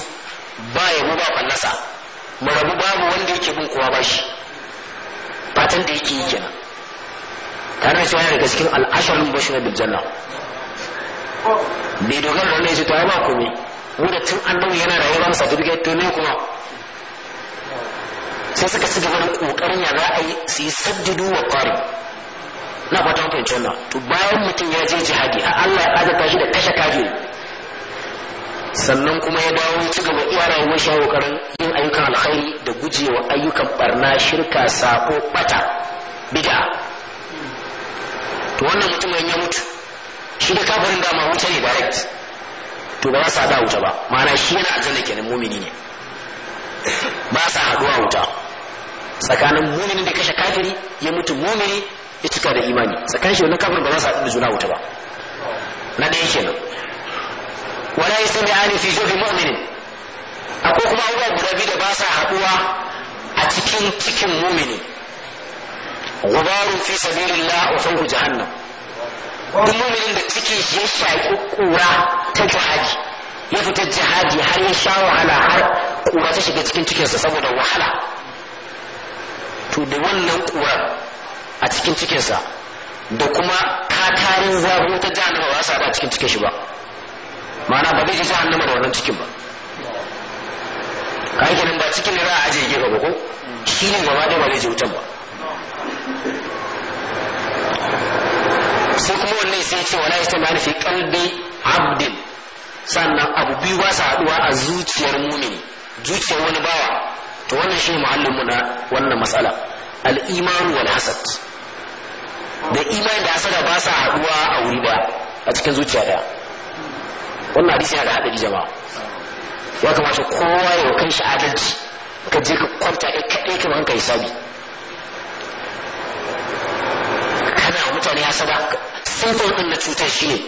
ba ya ba fallasa mu babu wanda yake bin kowa bashi fatan da yake yi kenan tare cewa yana daga cikin al'asharun bashi na biljanna bai dogara da wani ya ba komai wanda da tun annabi yana rayuwa masa certificate to ne kuma sai suka ci gaba da kokarin ya za a yi su yi saddidu wa kwari na fatan fahimci wannan to bayan mutum ya je jihadi a Allah ya azata shi da kashe kafin sannan kuma ya dawo ci gaba iya rayuwar shi kokarin yin ayyukan alkhairi da gujewa ayyukan barna shirka sako bata bid'a to wannan mutumin ya mutu shi da kafirin dama wuta ne direct to ba za su haɗa wuta ba ma'ana shi yana aljanna kenan mumini ne ba sa haduwa wuta tsakanin muminin da kashe kafiri ya mutu mumini ya cika da imani tsakanin shi wannan kafirin ba za su haɗu da juna wuta ba na ɗaya kenan wala ani fi jawfi mu'minin akwai kuma abubuwa guda biyu da ba sa haɗuwa a cikin cikin mumini Gubaru fi sabilillah wa fawhu jahannam duk mu'minin da cikin shi ya shaƙi ƙura ta jihadi ya fita jihadi har ya sha wahala har ƙura ta shiga cikin cikinsa saboda wahala to da wannan kura a cikin cikinsa da kuma katarin zabo ta nama ba sa a cikin cikin shi ba ma'ana ba zai ji jahannama da wannan cikin ba kai ba cikin ne za a ajiye gefe ba ko shi ne gaba ɗaya ba zai ji wutan ba sai kuma wannan sai ce wala yastami'an fi qalbi abdin sannan abu biyu ba su haduwa a zuciyar mumini zuciyar wani bawa to wannan shi muhallin mu na wannan matsala al-iman wal hasad da imani da hasada ba sa haduwa a wuri ba a cikin zuciya daya wannan hadisi yana da hadari jama'a ya kamata kowa ya kan shi adalci ka je ka kwanta ɗaya kaɗai ka yi sabi mutane ya saba simple ɗin na cutar shi ne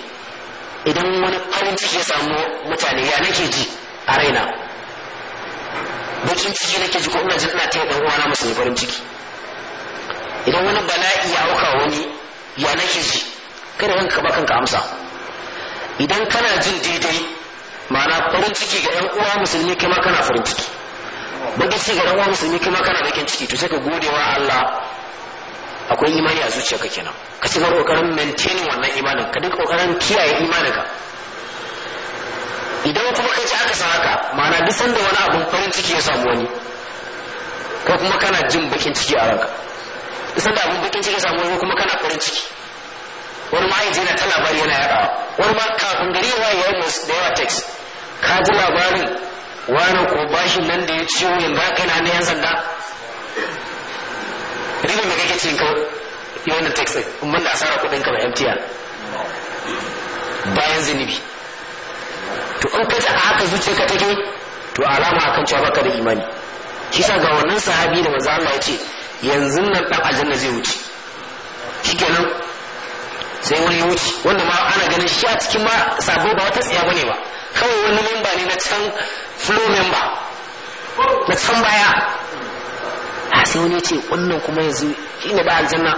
idan wani farin ciki ya samu mutane ya nake ji a raina bakin ciki nake ji ko ina jin ina taya dan uwana musu farin ciki idan wani bala'i ya auka wani ya nake ji kada ranka ba kanka amsa idan kana jin daidai ma'ana farin ciki ga yan uwa musulmi kai ma kana farin ciki bakin ciki ga yan uwa musulmi kai ma kana bakin ciki to sai ka gode wa Allah akwai imani a zuciyarka kenan ka ci gaba kokarin maintaining wannan imanin ka duk kokarin kiyaye imanin ka, idan kuma kai ci aka san haka ma'ana duk sanda wani abun farin ciki ya samu wani ko kuma kana jin bakin ciki a ranka duk sanda abun bakin ciki ya samu wani kuma kana farin ciki wani ma yanzu yana ta labari yana yaɗawa wani ma kafin gari ya yi da yawa text ka ji labarin wani ko bashin nan da ya ciwo yanzu haka yana na yan sanda ribin da kake cin kawai yi wannan taxi din da banda asara kudin ka ba MTR bayan zunubi to in ka a haka zuciya ka take to alama akan cewa da imani kisa ga wannan sahabi da manzo Allah ya ce yanzu nan dan aljanna zai wuce kenan sai wani ya wuce wanda ma ana ganin shi a cikin ma sabo ba wata tsaya bane ba kawai wani memba ne na can flow member na can baya a sai wani ce wannan kuma yanzu ina ne ba aljanna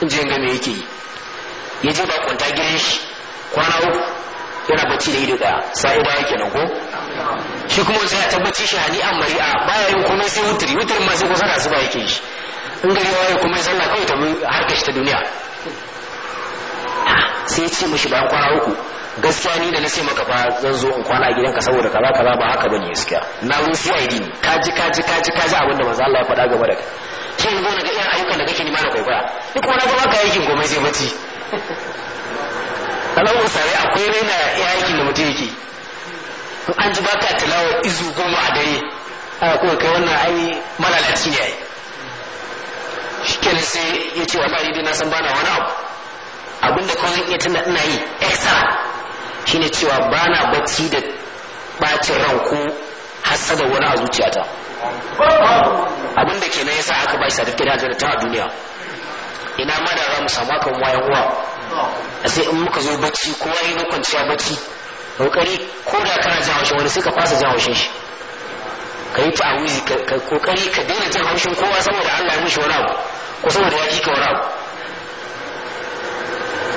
in ji ga me yake yi ya je ba kwanta gidan shi kwana uku yana bacci da ido daya sa'ida yake nan ko shi kuma sai ya tabbaci shi hani an mari'a ya yi komai sai wuturi wuturin ma sai kusa da ba yake shi in gari waye kuma ya sallah kawai ta harkar shi ta duniya sai ya ce mishi bayan kwana uku gaskiya ni da na sai maka fa zan zo in kwana a gidanka saboda kaza kaza ba haka bane gaskiya na zo CID ne kaji kaji kaji kaji abin da manzo Allah ya faɗa game da kai shi zo na ga irin ayyukan da kake nima da kwaikwaya ni kuma na ga baka aikin komai sai bacci alawar sare akwai raina ya aikin da mutum yake in an ji baka tilawa izu goma a dare a kuma kai wannan ai malalaci ne ai shi ne sai ya ce wallahi dai na san bana wani abu abinda kawai iya tunda ina yi extra shine cewa ba na bacci da bacin ran ko hasada wani a zuciyata abinda da na yasa aka ba shi certificate da ta a duniya ina ma da za mu samu hakan wayan uwa a sai in muka zo bacci ko wani na kwanciya bacci kokari ko da kana jan haushin wani sai ka fasa jan haushin shi ka yi awuzi ka kokari ka daina jan haushin kowa saboda Allah ya mishi wani abu ko saboda ya ji ka wani abu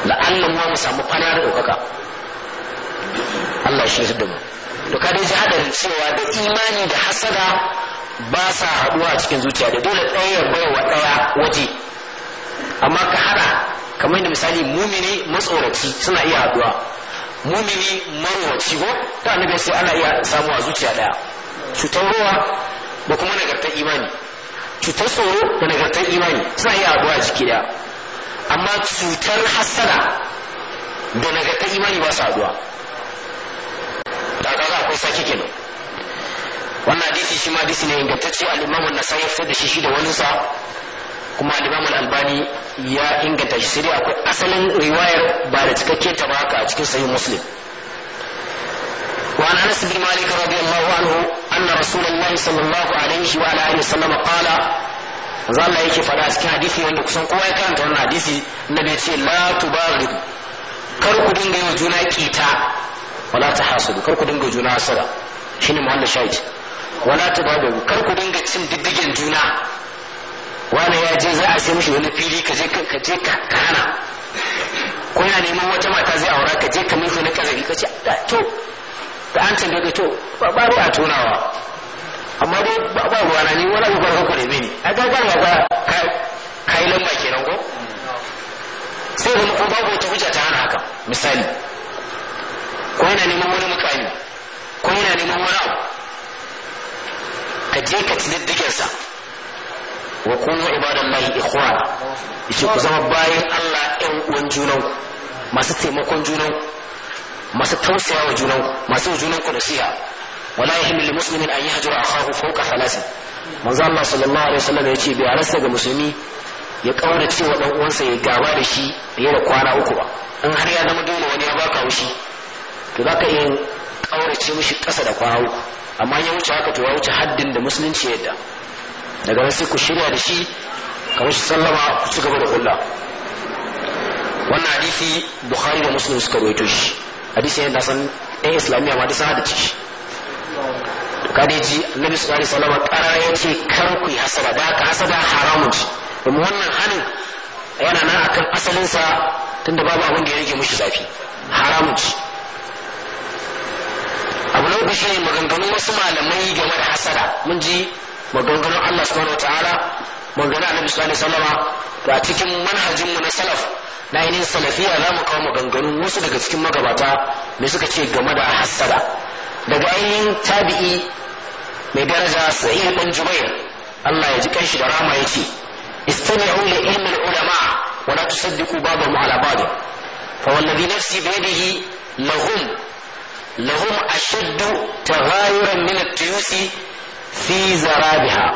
la'allan ma mu samu fana da ɗaukaka Allah shi da mu to ka dai ji hadarin cewa da imani da hasada ba sa haduwa cikin zuciya da dole ɗaya bai wa ɗaya waje amma ka hada kamar da misali mumini matsoraci suna iya haduwa mumini marwaci ko ta annabi sai ana iya samu a zuciya ɗaya cutar ruwa da kuma nagartar imani cutar tsoro da nagartar imani suna iya haduwa a jiki ɗaya amma cutar hasada da nagartar imani ba su haduwa ta kaga akwai sake nan wannan hadisi shi ma hadisi ne ingantacce al-Imam an-Nasa'i ya fitar da shi shi da wani sa kuma al-Imam al-Albani ya inganta shi sai akwai asalin riwayar ba da cikakke ta ba haka a cikin sahih Muslim وعن انس بن مالك رضي الله عنه ان رسول الله صلى الله عليه وعلى اله وسلم قال ظل Allah yake faɗa a cikin hadisi wanda kusan kowa ya karanta wannan hadisi na bai ce la tubaghid kar wala ta hasudu kar ku dinga juna hasada shine muhallin shahid wala ta bada kar ku dinga cin diddigen juna wani ya je za a sai mishi wani fili ka je ka je ka hana ko yana neman wata mata zai aura ka je ka nufi na kazafi ka ce da ah, to da an can daga to ba ba a tunawa amma dai ba wani na ni ba abubuwar ka neme ne a gagarwa ba ka yi lamba kenan ko sai wani ko babu wata hujja ta hana haka misali ko yana neman wani makami ko yana neman wani abu ka je ka ci diddigensa wa kuma ibadan mai ikhwa shi ku zama bayan Allah ɗan uwan ku masu taimakon junan masu tausaya wa ku masu wa junanku nasiha wala yahillu lil muslimin an yahjura akahu fawqa thalathin manzo Allah sallallahu alaihi wasallam yace bai halasta ga musulmi ya kaura cewa dan uwansa ya gaba da shi fiye da kwana uku ba in har ya zama dole wani ya baka haushi to za ka iya ƙaurace mishi ƙasa da kwawo uku amma ya wuce haka to ya wuce haddin da musulunci yadda daga nan sai ku shirya da shi kamar shi sallama ku ci gaba da kulla wannan hadisi bukhari da musulun suka rawaito shi hadisi yana da san ɗan islamiyya ma da sa da ciki kadeji annabi sallallahu alaihi wasallam ƙara yace kar ku yi hasada da ka hasada haramun ce domin wannan hanin yana nan akan asalinsa tunda babu abin da ya rage mushi zafi haramun ci. abu na uku maganganun wasu malamai game da hasada mun ji maganganun Allah subhanahu Ta'ala maganganun Annabi sallallahu alaihi wasallam a cikin manhajin mu na salaf na ainihin salafiya za mu kawo maganganun wasu daga cikin magabata ne suka ce game da hasada daga ainihin tabi'i mai daraja sa'id bin jubair Allah ya ji kanshi da rama yace istami'u li ilmi ulama wa la tusaddiqu ba'dahu ala ba'd fa wallazi nafsi bi yadihi lahum lahum ashaddu taghayuran min at-tuyusi fi zarabiha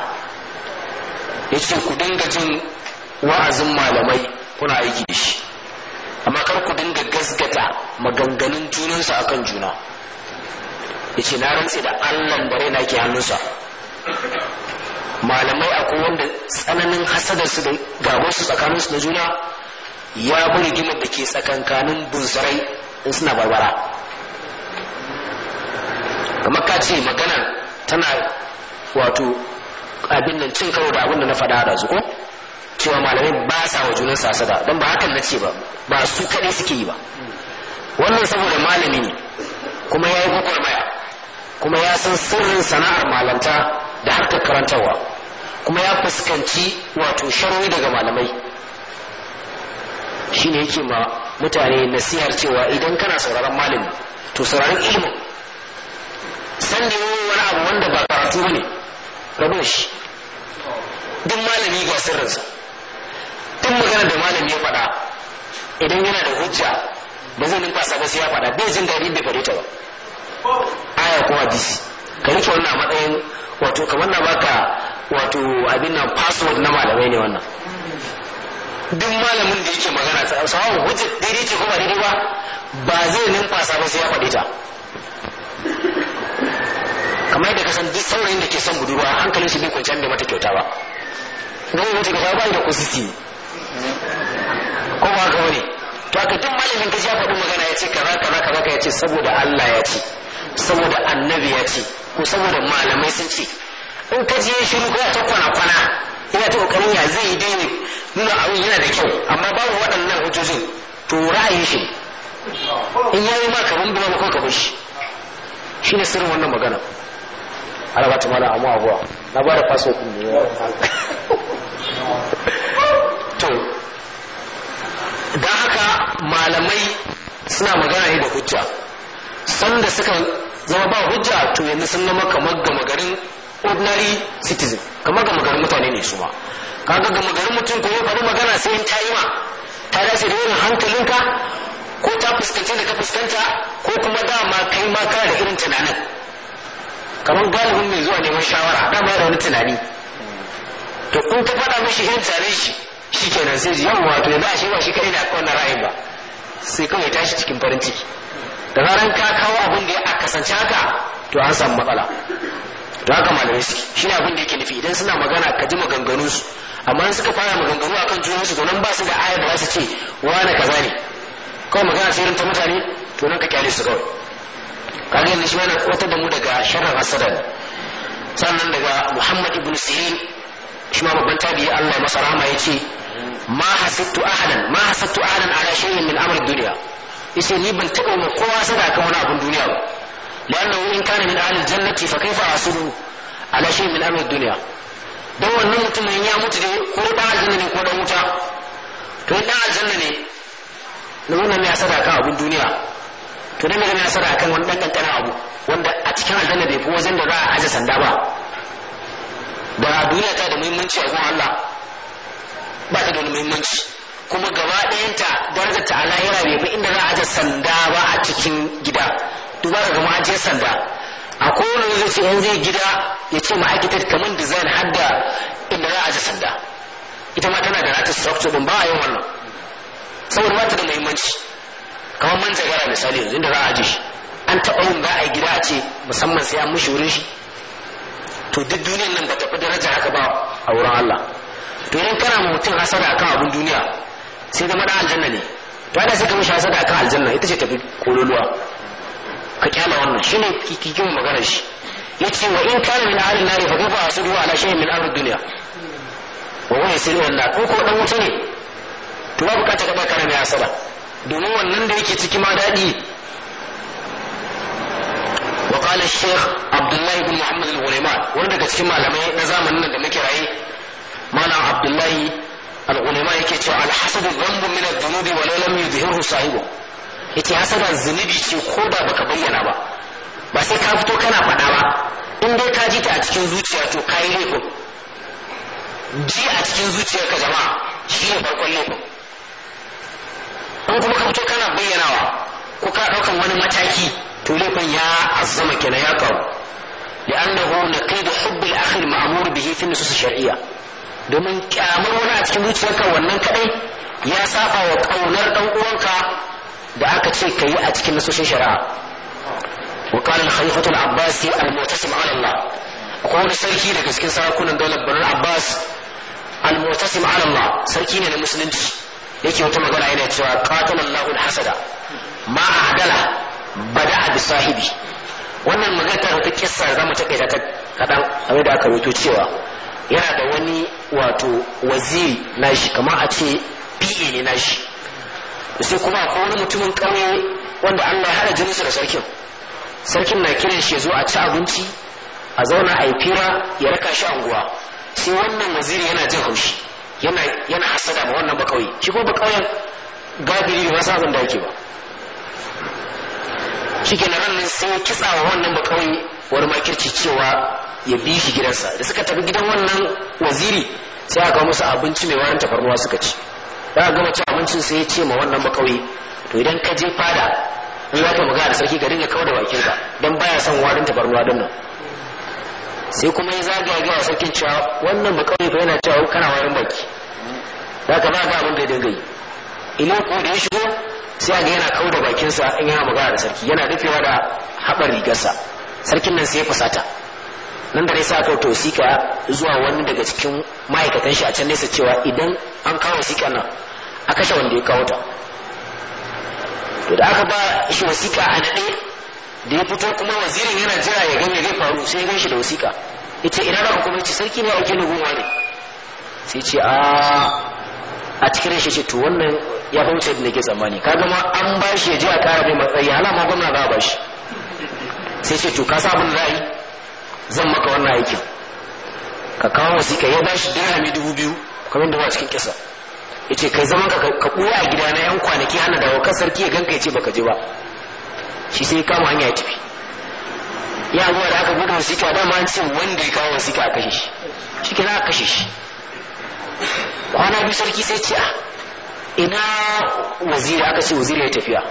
yace ku dinga jin wa'azin malamai kuna aiki da shi amma kar ku dinga gasgata maganganun junansu akan juna yace na rantse da Allah bare na ke hannunsa malamai akwai wanda tsananin hasadarsu da gabansu tsakaninsu na juna ya bi rigimar da ke tsakankanin bunsarai in suna barbara kamar ka ce magana tana wato abin nan cin karo da abin da na faɗa da su ko cewa malamai ba sa wa junan sa sada don ba hakan na ce ba ba su kaɗai suke yi ba wannan saboda malami ne kuma ya yi gwagwarmaya kuma ya san sirrin sana'ar malanta da harka karantarwa kuma ya fuskanci wato sharri daga malamai shine yake ma mutane nasihar cewa idan kana sauraron malami to sauraron ilimin san da yi wani abu wanda ba karatu ba ne rabu shi duk malami ga sirrinsa duk magana da malami ya faɗa idan yana da hujja ba zai nufa ba sai ya faɗa bai jin daɗi da fadita ba aya ko hadisi ka rike wannan matsayin wato kamar na baka wato abin nan password na malamai ne wannan duk malamin da yake magana sawa hujja daidai ce ko ba daidai ba ba zai nufa ba sai ya faɗi kamar da kasan duk saurayin da ke son budurwa hankalin shi bai kwanciya bai mata kyauta ba don wata gaba ba da kusisi ko ba ka wani to aka duk malamin kaji ya faɗi magana ya ce kaza kaza kaza ka ya ce saboda Allah ya ce saboda annabi ya ce ko saboda malamai sun ce in ka je shiru ko ta kwana kwana ina ta kokarin ya zai dai nuna abin yana da kyau amma babu waɗannan hujjojin to ra'ayin shi in yayi ma ka bumbu ma ko ka bar shi shine sirrin wannan magana ana ba ta mana amu abuwa na ba da faso kun da to da haka malamai suna magana ne da hujja sanda suka zama ba hujja to yanzu sun nama kamar gama garin ordinary citizen kamar gama garin mutane ne su ma kaga gama garin mutum ko ya faru magana sai in ta yi ma ta dace da irin hankalinka ko ta fuskanci da ka fuskanta ko kuma dama kai ma kana da irin tunanin kamar galibin mai zuwa neman shawara dama da wani tunani to in ta faɗa mishi irin tunanin shi shi kenan sai ji yawwa to yanzu a shi ba shi kaɗai na wannan ra'ayin ba sai kawai tashi cikin farin ciki da zaran ka kawo abin da ya kasance haka to an samu matsala to haka malamai suke shi ne abin da yake nufi idan suna magana ka ji maganganu su amma in suka fara maganganu a kan su to nan ba su da ayar da za su ce na kaza ne kawai magana sai ta mutane to nan ka kyale su kawai kaga ne shi yana wata da mu daga sharrin hasada sannan daga muhammad ibn sirin shi ma babban tabi'i Allah masa rahama yace ma hasattu ahadan ma hasattu ahadan ala shay'in min amr dunya yace ni ban taɓa ma kowa sada kan wani abun duniya ba lannahu in kana min ahli jannati fa kaifa asiru ala shay'in min amr dunya dan wannan mutumin ya mutu dai ko da aljanna ne ko da wuta to dan aljanna ne na wannan ya sadaka abun duniya to dan daga nasara akan wani dan kankana abu wanda a cikin aljanna bai fi wajen da za a aje sanda ba da duniya ta da muhimmanci a kuma Allah ba ta da wani muhimmanci kuma gaba ɗayanta darajar ta a lahira bai fi inda za a aje sanda ba a cikin gida duba ga gama aje sanda a kowane zai ce in zai gida ya ce ma'aikatar kamar design har da inda za a aje sanda ita ma tana da rata structure din ba a yin wannan saboda ba ta da muhimmanci kamar man jagara misali yanzu inda za a aje shi an taɓa mun ba a gida a ce musamman sai an mushi wurin shi to duk duniyan nan ba ta fi daraja haka ba a wurin Allah to in kana ma mutum a kan abin duniya sai zama ɗan aljanna ne to ana sai ka hasara hasada kan aljanna ita ce tafi kololuwa ka kyala wannan shine kikigin maganar shi yace wa in kana min ahli nari fa kaifa asudu ala shay'in min amri dunya wa wani sai wanda ko ko dan wuta ne to ba bukata ka ba kana mai hasada domin wannan da yake ciki ma daɗi wa qala shekh abdullahi bin muhammad al-ulaiman wanda daga cikin malamai na zamanin nan da muke raye malam abdullahi al-ulaiman yake cewa al-hasad dhanbu min ad-dhunub wa la lam yudhhiru sahibu yace hasada zunubi ce ko da baka bayyana ba ba sai ka fito kana faɗa ba in dai ka ji ta a cikin zuciya to ka yi laifin ji a cikin zuciyarka jama'a shi ne farkon laifin ko kuma ka fito kana bayyanawa ko ka ɗaukan wani mataki to laifin ya azzama kenan ya karu li'annahu naqidu hubbil akhir ma'mur bihi fi nusus shar'iyya domin kyamar wani a cikin zuciyarka wannan kadai ya saba wa kaunar dan uwanka da aka ce kai a cikin nasoshin shari'a wa qala al-khalifatu al-abbasi al-mu'tasim 'ala Allah wani sarki daga cikin sarakunan daular Banu Abbas al-mu'tasim 'ala Allah sarki ne na musulunci yake wata magana yana cewa qatala Allahu hasada ma ahdala bada bi sahibi wannan magana ta wata kissa za mu take ta kadan abin da aka rubuto cewa yana da wani wato waziri nashi kamar a ce PA ne nashi sai kuma akwai wani mutumin ƙauye wanda Allah ya hana jinsu da sarkin sarkin na kiran shi ya zo a ci abinci a zauna a yi fira ya raka shi anguwa sai wannan waziri yana jin haushi yana yana hasada ma wannan bakauye shi ko bakauyen gabiri ba sa abin da yake ba shi ke nan nan sai kitsa wa wannan bakauye wani makirci cewa ya bi shi gidansa da suka tafi gidan wannan waziri sai aka musu abinci mai wani tafarnuwa suka ci da a gama ci abincin sai ya ce ma wannan bakauye to idan ka je fada in za ka magana da sarki ga dinga kawo da bakinka don baya son warin tafarnuwa don nan sai kuma ya zagaya gaya sarkin cewa wannan ba kawai yana cewa kana wayan baki da ka ba ga abin da ya dinga yi ina ko da ya shigo sai ga yana kau da bakinsa in yana magana da sarki yana rufewa da haɓar rigarsa sarkin nan sai ya fusata nan da sa aka to sika zuwa wani daga cikin ma'aikatan shi a can nesa cewa idan an kawo sika nan a kashe wanda ya kawo ta to da aka ba shi wasika a naɗe da ya fito kuma wazirin yana jira ya gani zai faru sai ya gan shi da wasiƙa yace ina za ka kuma sarki ne aiki nubuwa ne sai ce a a cikin shi ce to wannan ya fi wuce da nake tsammani ka gama an ba shi ya je a kara mai matsayi ma gwamna za a ba shi sai ce to ka sa abin zan maka wannan aikin ka kawo wasiƙa ya ba shi mai dubu biyu kamar da ba cikin kisa ya ce kai zama ka ɓuya a gidana yan kwanaki hana dawo kan sarki ya ganka ya ce baka je ba shi sai kama hanya ya tafi ya zuwa da aka buga wasiƙa dama an ce wanda ya kawo wasiƙa a kashe shi shi ke za a kashe shi kwana biyu sarki sai ce ah, ina waziri aka ce waziri ya tafiya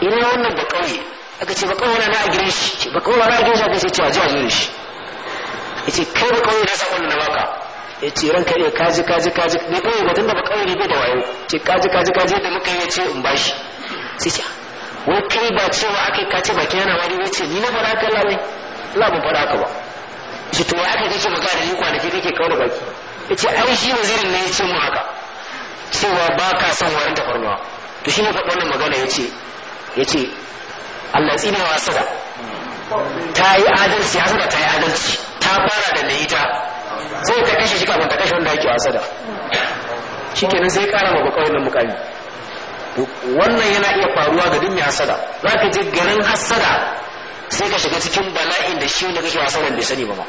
ina wannan ba kauye aka ce ba kauye na a gidan shi ba kauye na a gidan shi aka ce cewa jiya zuwa shi ya ce kai ba kauye na sakon na baka ya ce ranka ne kaji kaji kaji ne kauye ba tunda ba kauye ne bai da wayo ce kaji kaji kaji da muka yi ya ce in bashi sai ce ah, wai kai ba cewa aka ka ce baki yana wani wuce ni na fara ka Allah ne Allah ban fara ka ba shi to aka kace maka da ni kwanaki kake kawo da baki yace ai shi wazirin ne yace mu haka cewa ba ka son warin farnuwa to shi ne faɗa wannan magana yace yace Allah tsine wa sada ta yi adalci ya sada ta yi adalci ta fara da nayi ta sai ta kashe shi kafin ta kashe wanda yake wa sada shikenan sai ya kara ma bakawai nan mukami wannan yana iya faruwa ga duniya sada za ka je garin hasada sai ka shiga cikin bala'in da shi ne kake hasadan bai sani ba ma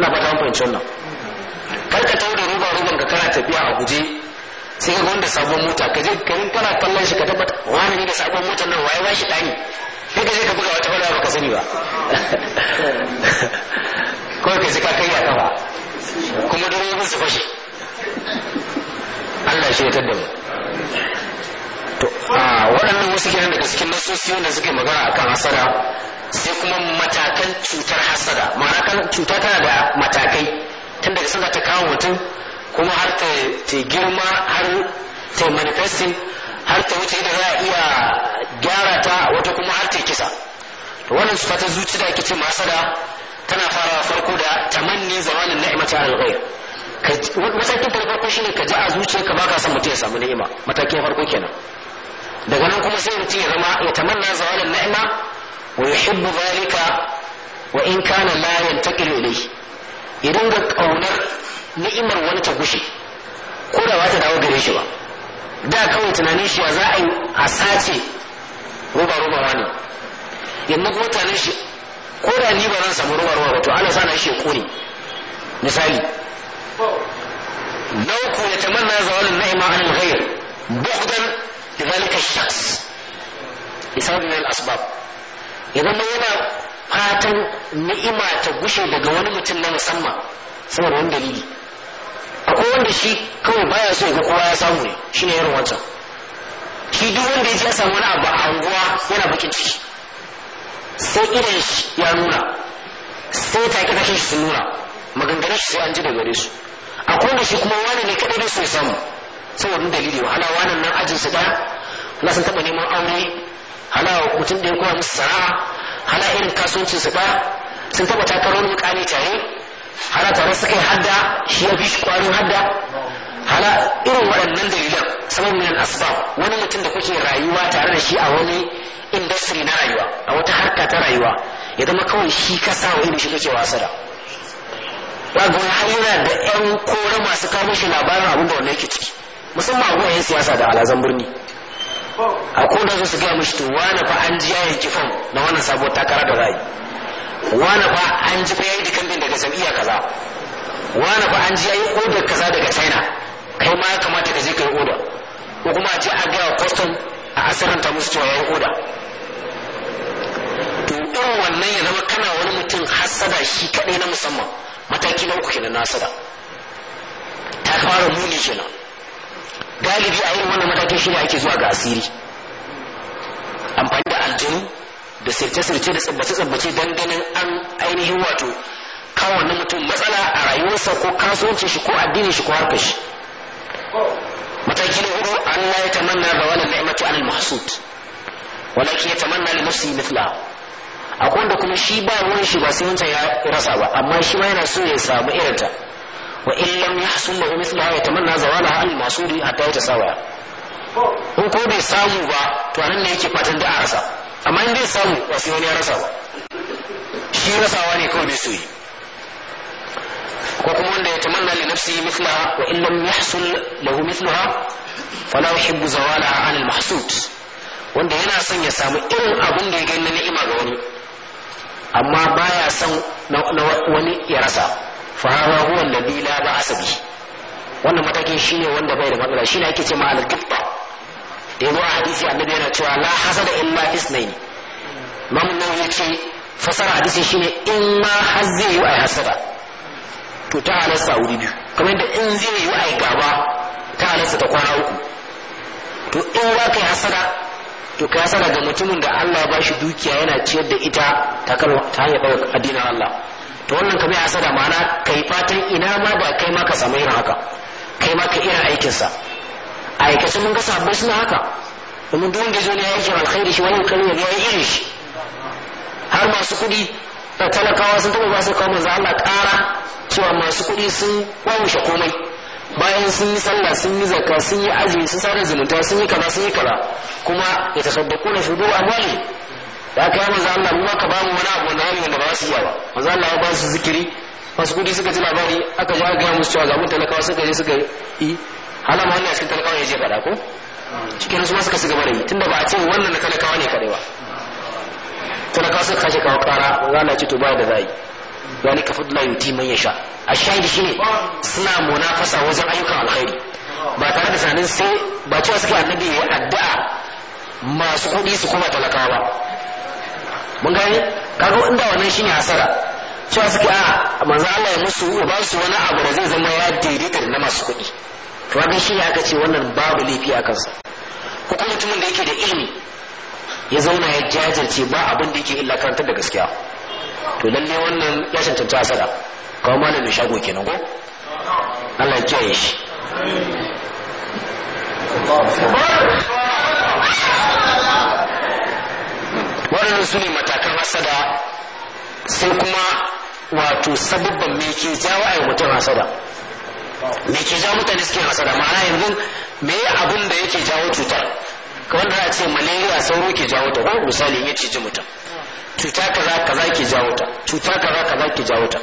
na fata an fahimci wannan kar ka tawo ruba roba ka kana tafiya a guje sai ka wanda sabon mota ka je garin kana kallon shi ka tabbata wani ne da sabon motar nan waye shi dani sai ka je ka buga wata wala baka sani ba ko ka je ka kai ya kafa kuma da mun su fashe Allah shi ya tadda mu to a waɗannan wasu kenan daga cikin nasosi wanda suke magana akan hasada sai kuma matakan cutar hasada ma'ana cuta tana da matakai tun daga sama ta kawo mutum kuma har ta girma har ta manifesting har ta wuce da za a iya gyara ta wata kuma har ta kisa wannan cuta ta zuci da ake ce masada tana farawa farko da tamanni zamanin na'imata al matakin farko shine ka ji a zuciyarka ba ka son mutum ya samu ni'ima matakin farko kenan daga nan kuma sai mutum ya zama ya tamanna zawalan ni'ima wa yuhibbu zalika wa in kana la yantaqilu ilayhi idan ga kaunar ni'imar wani ta gushe ko da ba ta dawo gare shi ba da kawai tunanin shi za a yi a sace roba roba wani yamma kuma tunanin shi ko da ni ba zan samu roba roba ba ana sa na shi ya kone misali ذوق يتمنى زوال النعمة عن الغير بغضا لذلك الشخص بسبب من الأسباب إذا ما هنا fatan ni'ima ta gushe daga wani mutum na musamman saboda wani dalili akwai wanda shi kawai baya so ga kowa ya samu ne shi ne irin wancan shi duk wanda ya ji ya samu wani abu a anguwa yana bakin ciki sai idan ya nuna sai take kashin shi sun nuna maganganun shi sai an ji da gare su a wanda shi kuma wani ne kaɗai da sun samu saboda dalili wahala wannan nan ajin su ɗaya Na sun taɓa neman aure hala mutum da ya koya musu sana'a hala irin kasuwancin su ɗaya sun taɓa takar wani mukami tare hala tare su kai hadda shi ya fi shi kwarin hadda hala irin waɗannan dalilan sabon ne asbab wani mutum da kuke rayuwa tare da shi a wani industry na rayuwa a wata harka ta rayuwa ya zama kawai shi ka sa wa irin shi kake wasa da wato har yana da yan kore masu kawo shi labarin abin da wannan yake ciki musamman abuwa yan siyasa da alazan birni a koda su su gaya mishi to wane fa an ji yayin kifan na wannan sabuwar takara da ra'ayi wane fa an ji fa yayi dikandin daga jam'iyya kaza wane fa an ji yayi odar kaza daga china kai ma ya kamata ka je ka yi oda ko kuma a ce a gaya kwastam a asiranta musu cewa yayi oda to irin wannan ya zama kana wani mutum hassada shi kaɗai na musamman mataki na uku kenan na ta fara muni kenan galibi a irin wannan matakin shi ne ake zuwa ga asiri amfani da aljanu da sirce-sirce da tsabbace-tsabbace don ganin an ainihin wato kawo wannan mutum matsala a rayuwarsa ko kasuwancin shi ko addinin shi ko harkar shi mataki na hudu Allah ya tamanna ga wani ni'matu anil mahsud walakin ya tamanna li nafsi mithla akwai wanda kuma shi ba ruwan shi ba sai wancan ya rasa ba amma shi ma yana so ya samu irinta wa in lam yahsul lahu mithlaha yatamanna zawalaha al masudi hatta yatasawaya in ko bai samu ba to anan ne yake fatan da a rasa amma in bai samu ba sai wani ya rasa ba shi rasawa ne kawai bai so yi ko kuma wanda ya tamanna li nafsihi mithlaha wa in lam yahsul lahu mithlaha fala yuhibbu zawalaha an al mahsud wanda yana son ya samu irin abin da ya gani na ni'ima ga amma baya son na wani ya rasa fa hawa huwa alladhi la ba'sa bi wannan matakin shine wanda bai da matsala shine ake cewa al-qibta da yawa hadisi annabi yana cewa la hasada illa isnayn mamman nan yace fasara hadisi shine in ma hazzi yi hasada to ta halasta wuri biyu kamar yadda in zai yi ai gaba ta halasta ta kwana uku to in za ka yi hasada to ka sana ga mutumin da Allah ba shi dukiya yana ciyar da ita ta ta hanyar ɗaukar addinin Allah to wannan kamar asara ma'ana kai fatan ina ma ba kai ma ka samu irin haka kai ma ka irin aikinsa a aikace mun ga sabbai suna haka domin duk wanda zo ne aikin alkhairi shi wani kalmar ya yi irin shi har masu kuɗi da talakawa sun taɓa ba su kawo manzo Allah ƙara cewa masu kuɗi sun kwamishe komai bayan sun yi sallah sun yi zakka sun yi azumi sun sada zumunta sun yi kaza sun yi kaza kuma ya tasaddaku na shudu wani da aka yi maza Allah kuma ka bamu wani abu wanda wanda ba su iya ba maza Allah ya ba su zikiri masu kudi suka ji labari aka ji aka musu cewa zaɓin talakawa suka je suka yi halama wannan cikin talakawa ya je faɗa ko cikin su suka su gaba da yi tunda ba a ce wannan na talakawa ne kaɗai ba talakawa suka kashe kawo kara maza Allah ya ce to ba da za yi zalika fadla yuti man yasha ashahid shine suna munafasa wajen ayyukan alkhairi ba tare da sanin sai ba cewa suke annabi ya addu'a masu kuɗi su kuma talaka ba mun gane kaga inda wannan shine hasara cewa suke a manzo Allah ya musu ya ba su wani abu da zai zama ya daidaita da masu kuɗi to wannan shine aka ce wannan babu laifi a kansa ko kuma mutumin da yake da ilimi ya zauna ya jajirce ba abin da yake illa karanta da gaskiya to lalle wannan ya cancanta asara kawo malamin shago kenan ko Allah ya kiyaye shi waɗannan su ne matakan hasada sai kuma wato sababban me ke jawo a mutum hasada me ke jawo mutane suke hasada ma'ana yanzu me abin da yake jawo cutar kamar da ya ce malaria sauro ke jawo ta ko misali ya cije mutum cuta kaza kaza ke jawo ta cuta kaza kaza ke jawo ta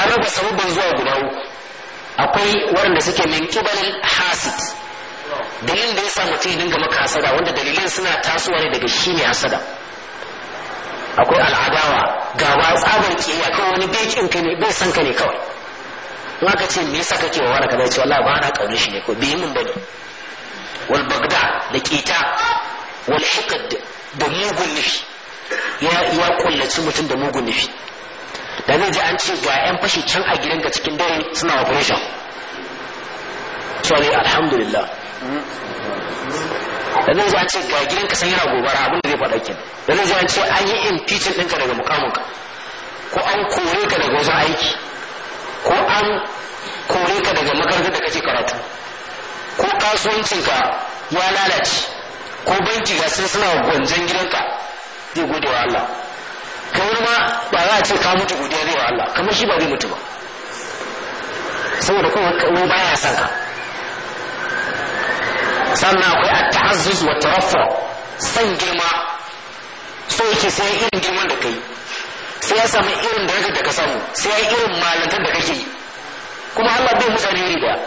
an raba sababin zuwa guda uku akwai waɗanda suke min kibalin hasid dalilin da ya sa mutum ya dinga maka hasada wanda dalilin suna tasowa ne daga shi ne hasada akwai al'adawa gaba tsabar ya kan wani bai ka ne bai san ka ne kawai in aka ce me yasa kake wa wani kaza ce wallahi ba na kaunar shi ne ko bai min bane wal bagda da kita wal hiqd da mugun nufi ya kullaci mutum da mugun nufi da zai ji an ce ga 'yan fashi can a gidan ga cikin dare suna operation sorry alhamdulillah da zai ji an ce ga gidan ka san yana gobara abin da zai faɗa ke da zai ji an ce an yi impeachment ɗinka daga mukaminka ko an kore ka daga wajen aiki ko an kore ka daga makarantar da kake karatu ko kasuwancinka ya lalace ko banki ga sun suna gwanjan gidanka zai gode wa Allah kamar ma ba za a ce ka mutu godiya zai wa Allah kamar shi ba zai mutu ba saboda kuma wani ya san ka sannan akwai at-ta'azzuz wa taraffu san girma so yake sai irin girman da kai sai ya samu irin da da ka samu sai ya irin malantar da kake yi kuma Allah bai mutane iri daya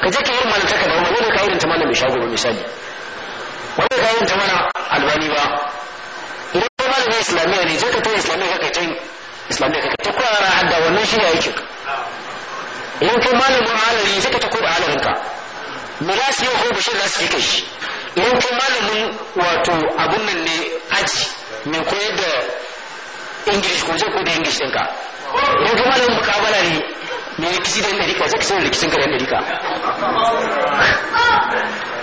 ka je ka yi malantar ka da wani ka irin ta malam mai shago misali wani ba yin mana albani ba idan ba malamin islamiyya ne zai ka ta islamiyya ka kai islamiyya ka ta kwara hada wannan shi ne yake idan kai malamin alami zai ka ta koda alamin ka me za su yi ko bashir za su kai idan kai malamin wato abun nan ne aji mai koyar da english ko je koda english ɗinka idan kai malamin mukabala ne mai rikici da yan ɗarika zai kasance rikicin ka da yan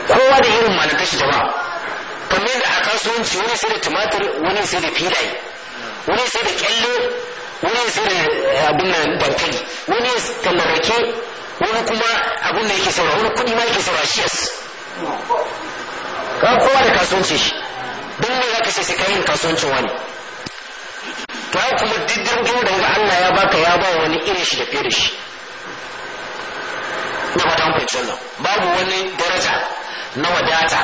kowa da irin malantar shi jama'a kamar yadda a kasuwanci wani sai da tumatir wani sai da filaye wani sai da kyallo wani sai da eh, abin nan dankali wani kamar rake wani kuma abin da yake saura wani kuɗi ma yake saura shi yas ka kowa da kasuwanci shi don me za ka ce sai kayan kasuwancin wani to kuma diddin da Allah ya baka ya ba wani irin shi da fiye shi na fata mun fahimci wannan babu wani daraja na wadata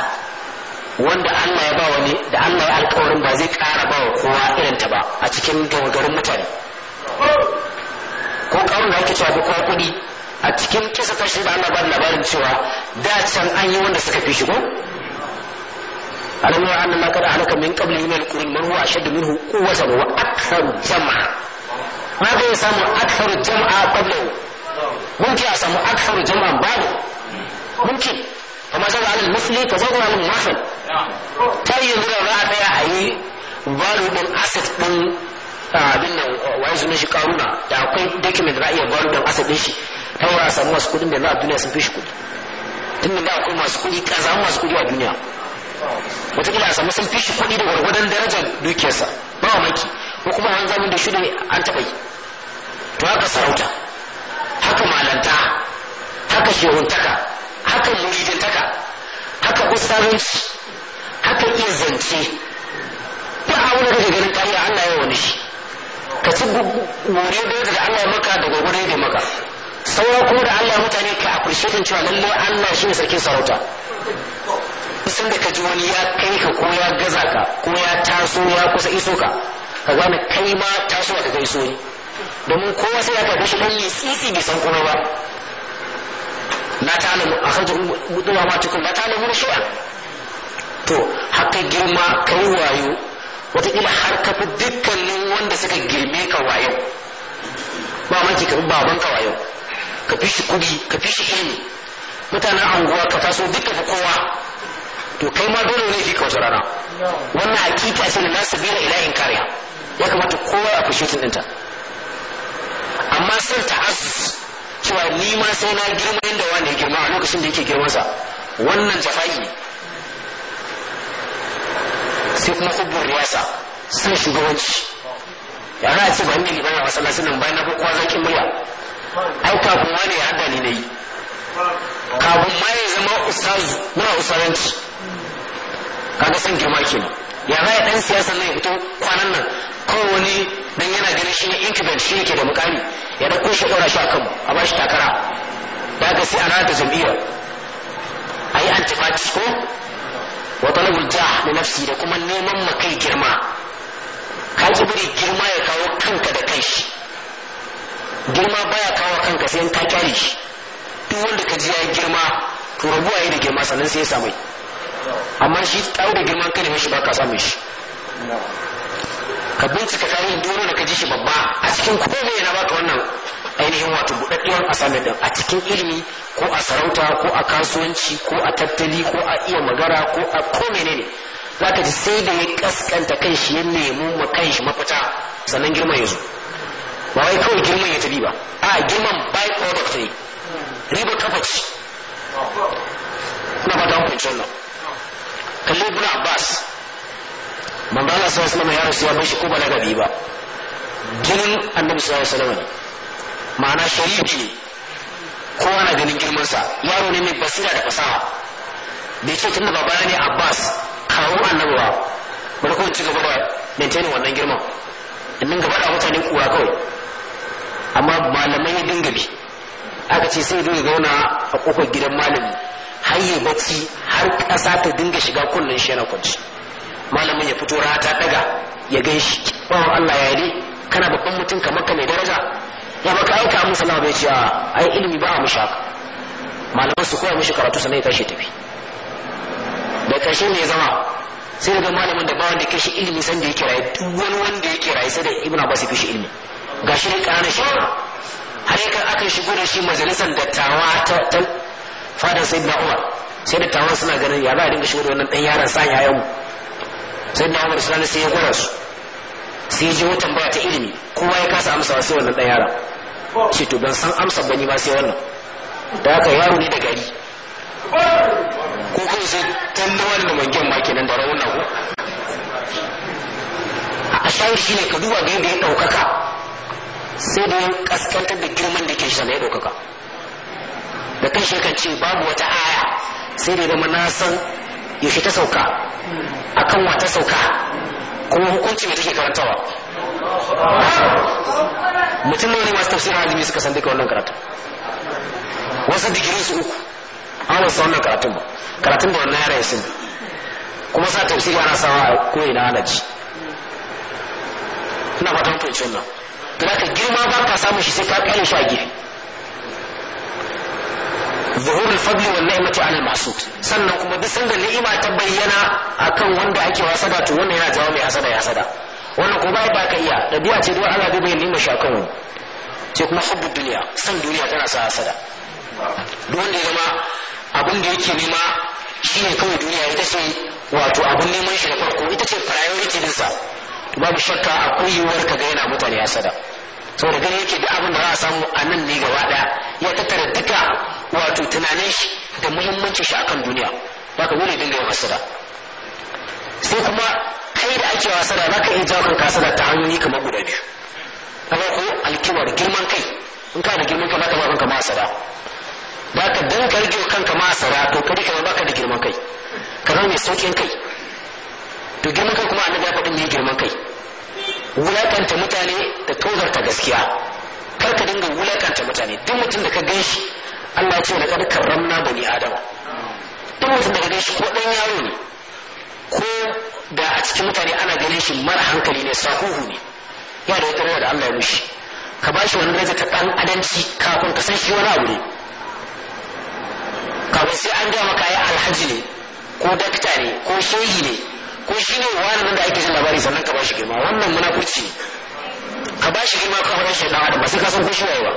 wanda Allah ya ba wani da Allah ya alƙawarin ba zai ƙara ba wa kowa irin ta ba a cikin dogarin mutane ko ƙarun da ake cewa ko kuɗi a cikin kisa kashi da Allah ba labarin cewa da can an yi wanda suka fi shi ko ألم يرى أن ma kada أهلك من قبل من القرون من هو أشد منه قوة wa aktharu jam'a ma ga ya samu aktharu jam'a qablahu mumkin a samu aktharu jam'a babu mumkin amma saboda alal mufli ka zauna alal mafal ta yi zura abin nan wani sunan shi karuna da akwai document da iya baro din shi ta wura samu masu kudin da za a duniya sun fi shi kudi tun da akwai masu kudi kaza masu kudi a duniya wataƙila a samu sun fi shi kuɗi da gwargwadon darajar dukiyarsa ba wa maki ko kuma wani zamun da ne an taɓa yi to haka sarauta haka malanta haka shehuntaka haka muridantaka haka ustazanci haka iya zance ba a wani daga ganin kariya Allah ya wani shi ka ci more da da Allah ya maka da gwargwadon da maka sauran kuma da Allah mutane ka a appreciate cewa lallai Allah shi ne sarkin sarauta kusan da ka ji wani ya kai ka ko ya gaza ka ko ya taso ya kusa iso ka ka gane kai ma tasowa ka kai so ne domin kowa sai ya karɓi shi ɗan sisi bai san kuma ba na ta alamu a kan mutuwa ma tukun na ta alamu shi'a to haka girma kai wayo wataƙila har ka fi dukkanin wanda suka girme ka wayo ba ma ka fi baban ka wayo ka fi shi kuɗi ka fi shi ilimi mutanen anguwa ka taso dukkan kowa to kai ma dole ne ka wata rana wannan hakika ce da nasu bila ila kariya ya kamata kowa a fushe tun dinta amma sun ta'azzuz cewa ni ma sai na girma yadda wani ya girma a lokacin da yake girmansa wannan jafa'i ne sai kuma hubbun riyasa sun shugabanci ya za a ce ban ne bana a nasu nan bayan na fi kowa zaƙin murya ai kafin wani ya hada ni na yi kafin ma ya zama ustazu muna ustazanci kaga san girma kenan ya za dan siyasa ne ya fito kwanan nan kowane dan yana ganin shi ne incumbent shi yake da mukami ya dauko shi ɗora shi akan a ba shi takara da ga sai ana da jam'iyya a yi antifatis ko wa talabu jah da nafsi da kuma neman makai girma ka ji bari girma ya kawo kanka da kai shi girma baya kawo kanka sai ka kyare shi duk wanda ka ji ya girma to rabuwa yi da girma sannan sai ya samu amma shi da girman kai shi ba ka samun shi ka bincika tarihin duniya da ka ji shi babba a cikin kome yana baka wannan ainihin wato budaddiyar asamin din a cikin ilimi ko a sarauta ko a kasuwanci ko a tattali ko a iya magara ko a ko menene za ka ji sai da ya kaskanta kan shi ya nemo ma kan shi mafita sannan girman ya zo ba wai kawai girman ya tabi ba a girman by product ne riba kafa ci ina ba ta hukuncin nan kalli ibn abbas man Allah sallallahu alaihi ya rasu ya bar shi ko balagabi ba ginin annabi sallallahu alaihi ne ma'ana sharifi ne kowa na ganin girmansa yaro ne mai basira da fasaha bai ce tunda babana ne abbas kawo annabi ba bari kawai ci gaba da maintainin wannan girman gaba da mutane kura kawai amma malamai ya dinga bi aka ce sai zai zauna a kofar gidan malami har yi bacci har ƙasa ta dinga shiga kullun shi yana kwanci malamin ya fito ta daga ya gan shi bawan Allah ya yi kana babban mutum kamar ka mai daraja ya baka aika musu Allah bai ce ai ilimi ba mu shaka malaman su koya mishi karatu sannan ya tashi tafi da ƙarshe ne zama sai daga malamin da ba wanda kashi ilimi san da ya kiraye duk wani wanda ya kiraye sai da ibnu abbas ya kashi ilimi gashi ne ƙananan shi har yakan aka shigo da shi majalisar dattawa ta fadar sai na umar sai da tawon suna ganin ya ba a dinga shigo da wannan dan yaran sa yawo sai na umar suna sai ya gwada su sai ji wata tambaya ta ilimi kowa ya kasa amsa sai wannan dan yaran shi to ban san amsa ba ni sai wannan da haka yaro ne da gari ko kun sai tallawar da mangen ma kenan da rauna ko a shawar shi ne ka duba da yadda ya ɗaukaka sai da ya ƙaskantar da girman da ke shi da ya ɗaukaka da kan shi ce babu wata aya sai da zama na san yaushe ta sauka akan wa ta sauka kuma hukunci mai take karantawa mutum ne masu tafsirin azumi suka san duka wannan karatu wasu digiri su uku an wasu wannan karatun ba karatun da wannan yara yasin kuma sa tafsirin ana sawa a koyi na alaji ina fatan fahimci wannan da ka girma ba ka samun shi sai ka kare shi a gefe zuhur al-fadli wal ni'mati ala al-mahsud sannan kuma duk sanda ni'ima ta bayyana akan wanda ake hasada to wannan yana jawo mai hasada ya hasada wannan ko bai baka iya dabi'a ce duk Allah bai bayyana ni'ima shi akan wani duniya san duniya tana sa hasada duk wanda ya zama abin da yake nema shi ne kawai duniya ita ce wato abin neman shi da farko ita ce priority dinsa babu shakka akwai yiwuwar ka ga yana mutane hasada so da gani yake da abin da za a samu a nan ne gaba daya ya tattara duka wato tunanin shi da muhimmancin shi akan duniya baka dole dinga yin hasada sai kuma kai da ake wasa da ka iya jawo kanka hasada ta hanyoyi kamar guda biyu na farko alkibar girman kai in ka da girman kai ka ba kanka ma hasada baka dan ka rage kanka ma hasada to kai kamar baka da girman kai ka zama mai saukin kai to girman kai kuma annabi ya faɗi ne girman kai wulakanta mutane da tozarta gaskiya karka dinga wulakanta mutane duk mutum da ka gan shi Allah ce da kada karramna bani adam duk mutum da ka gan ko dan yaro ne ko da a cikin mutane ana ganin shi mara hankali ne sahuhu ne ya da wata da Allah ya mushi ka ba shi wani daraja ta dan adamci kafin ka san shi wani abu ne kafin sai an gaya maka ya alhaji ne ko dakta ne ko shehi ne ko shi ne wani nan da ake jin labari sannan ka bashi girma wannan muna munafurci ka bashi girma ka fara shi dan ba sai ka san ko shi waye ba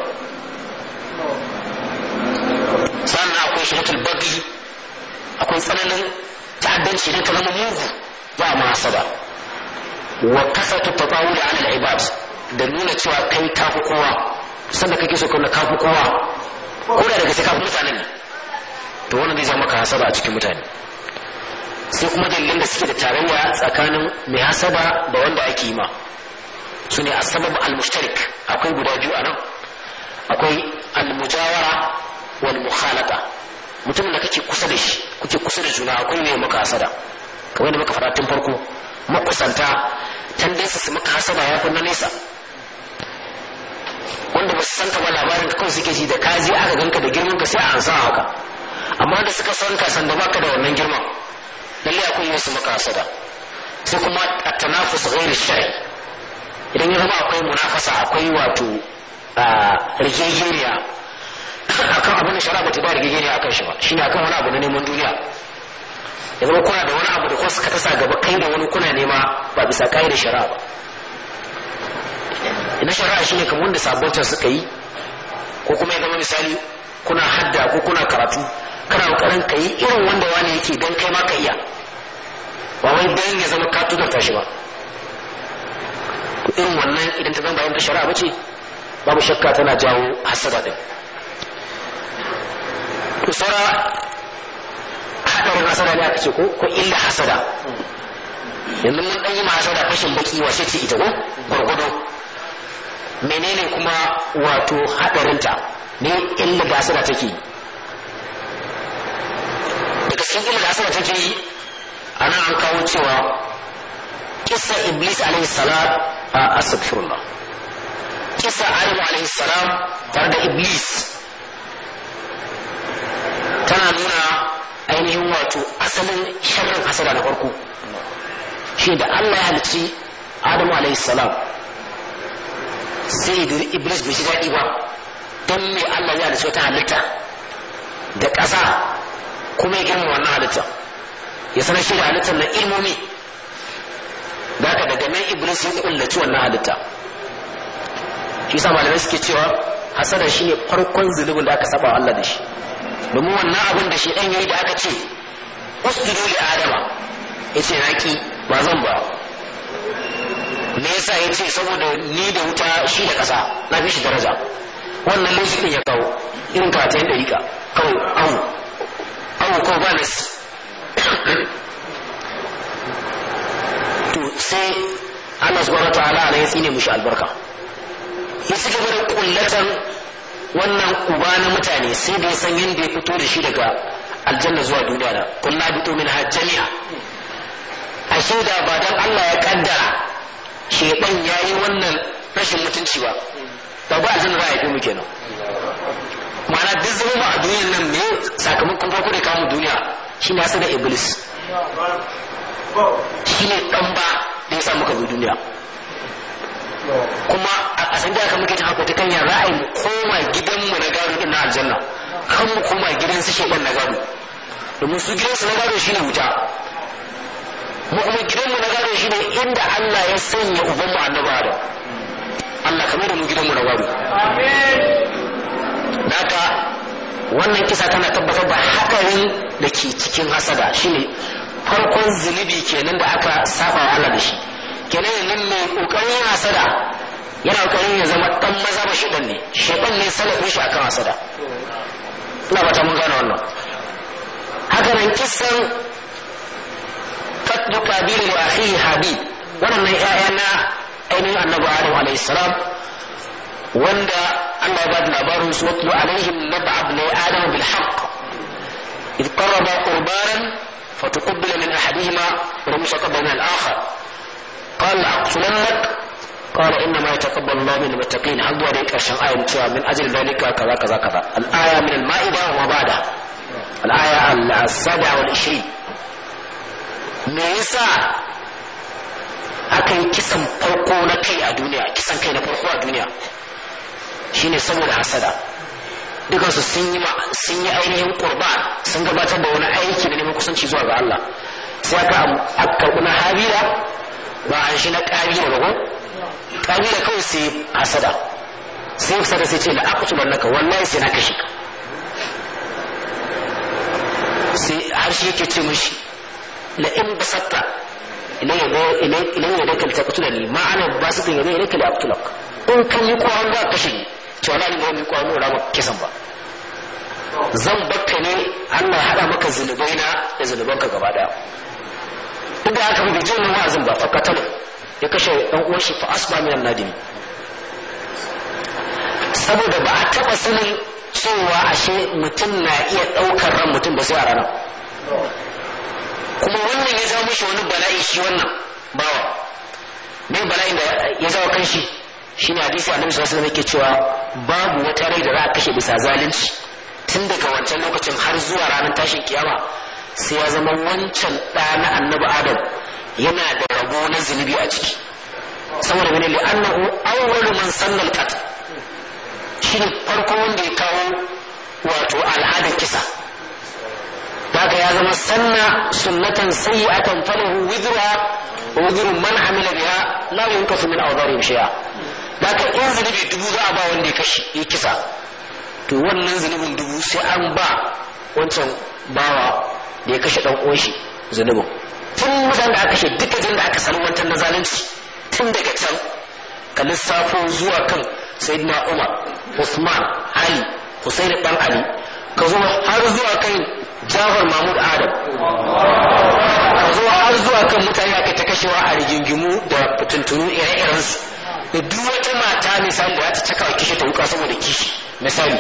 sannan akwai shirkul bagi akwai tsananin ta'addanci da zama mugu ba ma asaba. wa kasatu tatawuli ala al-ibad da nuna cewa kai ka fi kowa sanda kake so kuma ka fi kowa ko da daga sai ka fi mutane ne to wannan zai zama ka hasaba a cikin mutane sai kuma dalilan da suke da tarayya tsakanin mai hasaba da wanda ake yi ma su ne asabab al-mushtarik akwai guda biyu a nan akwai al-mujawara wal mukhalata mutumin da kake kusa da shi kuke kusa da juna akwai ne maka hasada kamar da muka fara tun farko makusanta tandansa su maka hasada ya fi na nesa wanda ba su san ka ba labarin kawai suke ji da kaji aka ganka da girman ka sai a ansa haka amma da suka san ka san da baka da wannan girman lalle akwai wasu makasada sai kuma a tanafus ghairi shari idan ya zama akwai munafasa akwai wato a akan abin da shari'a bata ba a akan shi ba shine akan wani abu na neman duniya ya zama kuna da wani abu da kwasu suka tasa gaba kai da wani kuna nema ba bisa da shari'a ba na shari'a shine kamar wanda sabbata suka yi ko kuma ya zama misali kuna hadda ko kuna karatu kana kokarin ka yi irin wanda wani yake don kai ma ka iya ba wai dan ya zama ka tudurta shi ba irin wannan idan ta zama bayan ta shari'a bace babu shakka tana jawo hasada din to sara hadarin hasada ne aka ce ko ko illa hasada yanzu mun dan yi ma hasada fashin baki wace ce ita ko gwargwado menene kuma wato hadarinta ne illa da hasada take daga cikin ilmi da asaba take yi nan an kawo cewa kisa iblis alaihi salam a astaghfirullah kisa alimu alaihi salam tare da iblis tana nuna ainihin wato asalin sharrin hasada na farko shi da Allah ya halici Adamu alaihi salam sai da Iblis bai ji daɗi ba don me Allah ya halici wata halitta da ƙasa kuma ya girma wannan halittar ya sanar shi da halittar na ilmomi da aka daga nan iblis ya kullaci wannan halitta shi sa malamai suke cewa hasada shi ne farkon zunubin da aka saba Allah da shi domin wannan abin da shi dan yayi da aka ce usjudu li adama yace naki ba zan ba me yasa ya ce saboda ni da wuta shi da kasa na fi shi daraja wannan lokacin ya kawo irin karatun dariƙa kawai an awo ko ba nasi to sai Allah subhanahu ta'ala ya tsine mushi albarka ya suke bari kullatan wannan uba na mutane sai da san yanda ya fito da shi daga aljanna zuwa duniya da kunna bitu min hajjami'a ashe da ba dan Allah ya kaddara ya yayi wannan rashin mutunci ba ba ba aljanna ba ya fi mu kenan ma'ana duk zama ba a duniyar nan ne sakamakon farko da kamun duniya shi ne da iblis shi ne ɗan ba da ya samu kazo duniya kuma a san da aka muke ta hakuta kan yin ra'ayi mu koma gidanmu na gado din na aljanna kan mu koma gidan su shekan na gado domin su su na gado shi ne wuta mu kuma gidanmu na gado shi ne inda Allah ya sanya ubanmu annabawa da Allah kamar da mu gidanmu na gado amin nata wannan kisa tana tabbatar da hakarin da ke cikin hasada shine farkon zunubi kenan da aka saba wa Allah da shi kenan nan mai kokarin hasada yana kokarin ya zama dan maza ba shidan ne shedan ne salafin shi akan hasada ina bata mun gane wannan haka nan kisan kadu kabir wa akhi habib wannan ƴaƴa na ainihin annabi alaihi salam wanda أما بعد الأبارهم سوطلوا عليهم نبع ابن آدم بالحق إذ قرب قربانا فتقبل من أحدهما رمشة بين الآخر قال لأقتلنك قال إنما يتقبل الله من المتقين هل ذلك أشهر آية من أجل ذلك كذا كذا كذا الآية من المائدة وما بعدها الآية السابعة والعشرين ميسا أكي كسم فوقونا كي الدنيا كسم كي نفوقوا الدنيا shine saboda hasada dukansu sun yi sun yi ainihin qurban sun gabatar da wani aiki da neman kusanci zuwa ga Allah sai aka aka na habila ba an shi na kabila ba ko kabila kawai sai hasada sai hasada sai ce la naka wallahi sai na kashi sai har shi yake ce mishi la in basatta ilayya yadaka litaqtulani ma ana basitin ilayya yadaka liaqtulak in kan yi an ba kashe to ana ba mu kwano nuna maka kisan ba zan bakka ne har na hada maka zunubai na da zunubanka gaba daya inda aka bi bijin nan wa'azin ba fakatalu ya kashe dan uwan shi fa asba min nadimi saboda ba a taba sanin cewa ashe mutum na iya daukar ran mutum ba sai a ranar kuma wannan ya zama shi wani bala'i shi wannan bawa ne bala'in da ya zama kan shi shine hadisi annabi sallallahu alaihi cewa babu wata rai da za a kashe bisa zalunci tun daga wancan lokacin har zuwa ranar tashin kiyama sai ya zama wancan ɗa na annabi adam yana da rago na zunubi a ciki saboda mene li annahu awwalu man sannal qat shine farko wanda ya kawo wato al'adar kisa daga ya zama sanna sunnatan sayyi'atan falahu wizruha wa wizru man amila biha la yunkasu min awdharihim shay'a da ka in zunubi dubu za a ba wanda ya kashi ya kisa to wannan zunubin dubu sai an ba wancan bawa da ya kashe dan shi zunubin tun mutane da aka kashe duka jin da aka wancan na zalunci tun daga can ka lissafo zuwa kan sayyidina umar usman ali husaini dan ali ka zo har zuwa kan jafar mahmud adam ka zo har zuwa kan mutane aka ta kashewa a rigingimu da fitintunu ire-irensu da duk wata mata misali da ta cika kishi ta wuka saboda kishi misali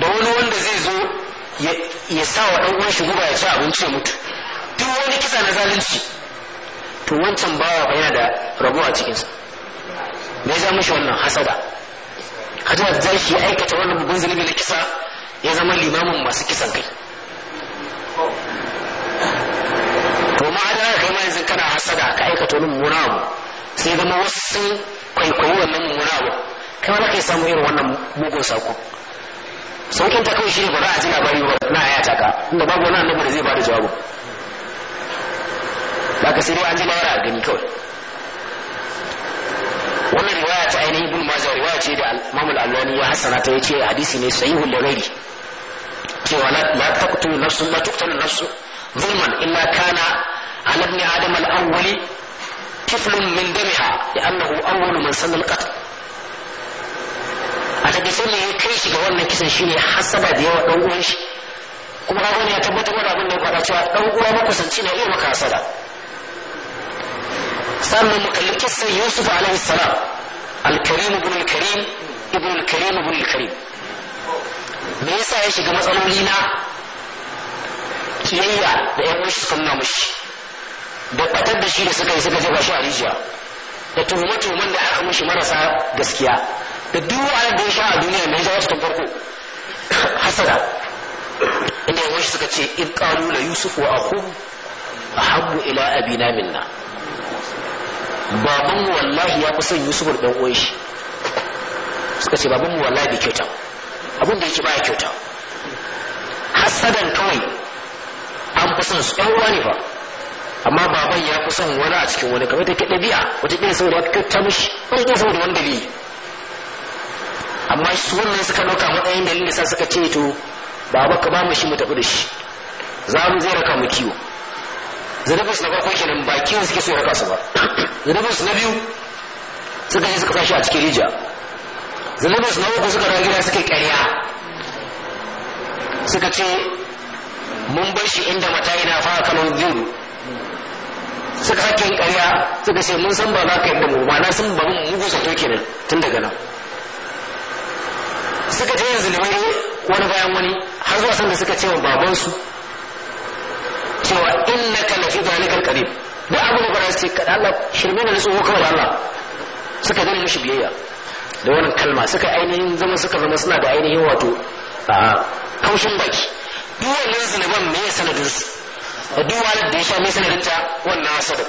da wani wanda zai zo ya sa wa ɗan uwan shi guba ya ci abinci ya mutu duk wani kisa na zalunci to wancan bawa yana da rabuwa a cikinsa me ya zama shi wannan hasada hasada da zai ya aikata wannan bugun zunubi na kisa ya zama limamin masu kisan kai to ma da kai ma yanzu kana hasada ka aikata wani mummuna abu sai zama wasu kwaikwayi wannan mummuna abu kai na kai samu irin wannan mugun sako saukin ta kawai shiri ba za a ji labari ba na aya ta ka inda babu wani annabi da zai bada jawabu ba ka sai an ji lawara a gani kawai wannan riwaya ta ainihin ibn majah riwaya ce da mamul al-allani ya hasana ta yace hadisi ne sahihul lagari cewa la taqtu nafsun la tuqtalu nafsun zulman illa kana ibn adam al-awwali طفل من دمها لأنه أول من سن القتل a tabbatar da ya kai shi ga wannan kisan shine hasaba da yawa dan uwan shi kuma ga wani ya tabbatar wani abin da ya faɗa cewa dan uwa makusanci na iya maka hasada sannan mu kisan Yusuf alaihi salam al-Karim ibn al-Karim ibn al-Karim ibn al-Karim me yasa ya shiga matsaloli na kiyayya da ƴan uwan shi suka mushi da fatar da shi da suka yi suka jefa shi a rijiya da tuhume-tuhumen da aka mushi marasa gaskiya da duk wani da ya sha a duniya mai zama su wasu farko hasada inda ya shi suka ce in ƙalu na yusuf wa A hagu ila abina minna babanmu wallahi ya kusan yusuf da ɗan shi suka ce babanmu wallahi bai kyauta abin da yake baya kyauta hasadan kawai an kusan su ɗan uwa ne ba amma baban ya fi son wani a cikin wani kamar ta ke biya wata ɗaya saboda ya ta mishi wata ɗaya saboda wani dalili amma su wannan suka ɗauka matsayin dalilin sa suka ce to baba ka ba mu shi mu tafi da shi za mu zai raka mu kiwo zanabin na farko kenan ba kiwon suke so raka su ba zanabin na biyu suka je suka sa shi a cikin rija zanabin na uku suka rage suka ƙarya suka ce mun bar shi inda mata ina fara kanon zuru suka hakin ƙarya suka ce mun san ba za ka yadda mu na san ba mun mugu zato kenan tun daga nan suka je yanzu da wani bayan wani har zuwa sanda suka ce wa babansu cewa innaka lafi ni karkare da abu da bara ce kada Allah shirme da nasu kawai Allah suka dana mishi biyayya da wannan kalma suka ainihin zama suka zama suna da ainihin wato a kaushin baki duwannin wannan zulman me ya sanadin su da duk wahalar da ya sha mai sanadin ta wannan hasadin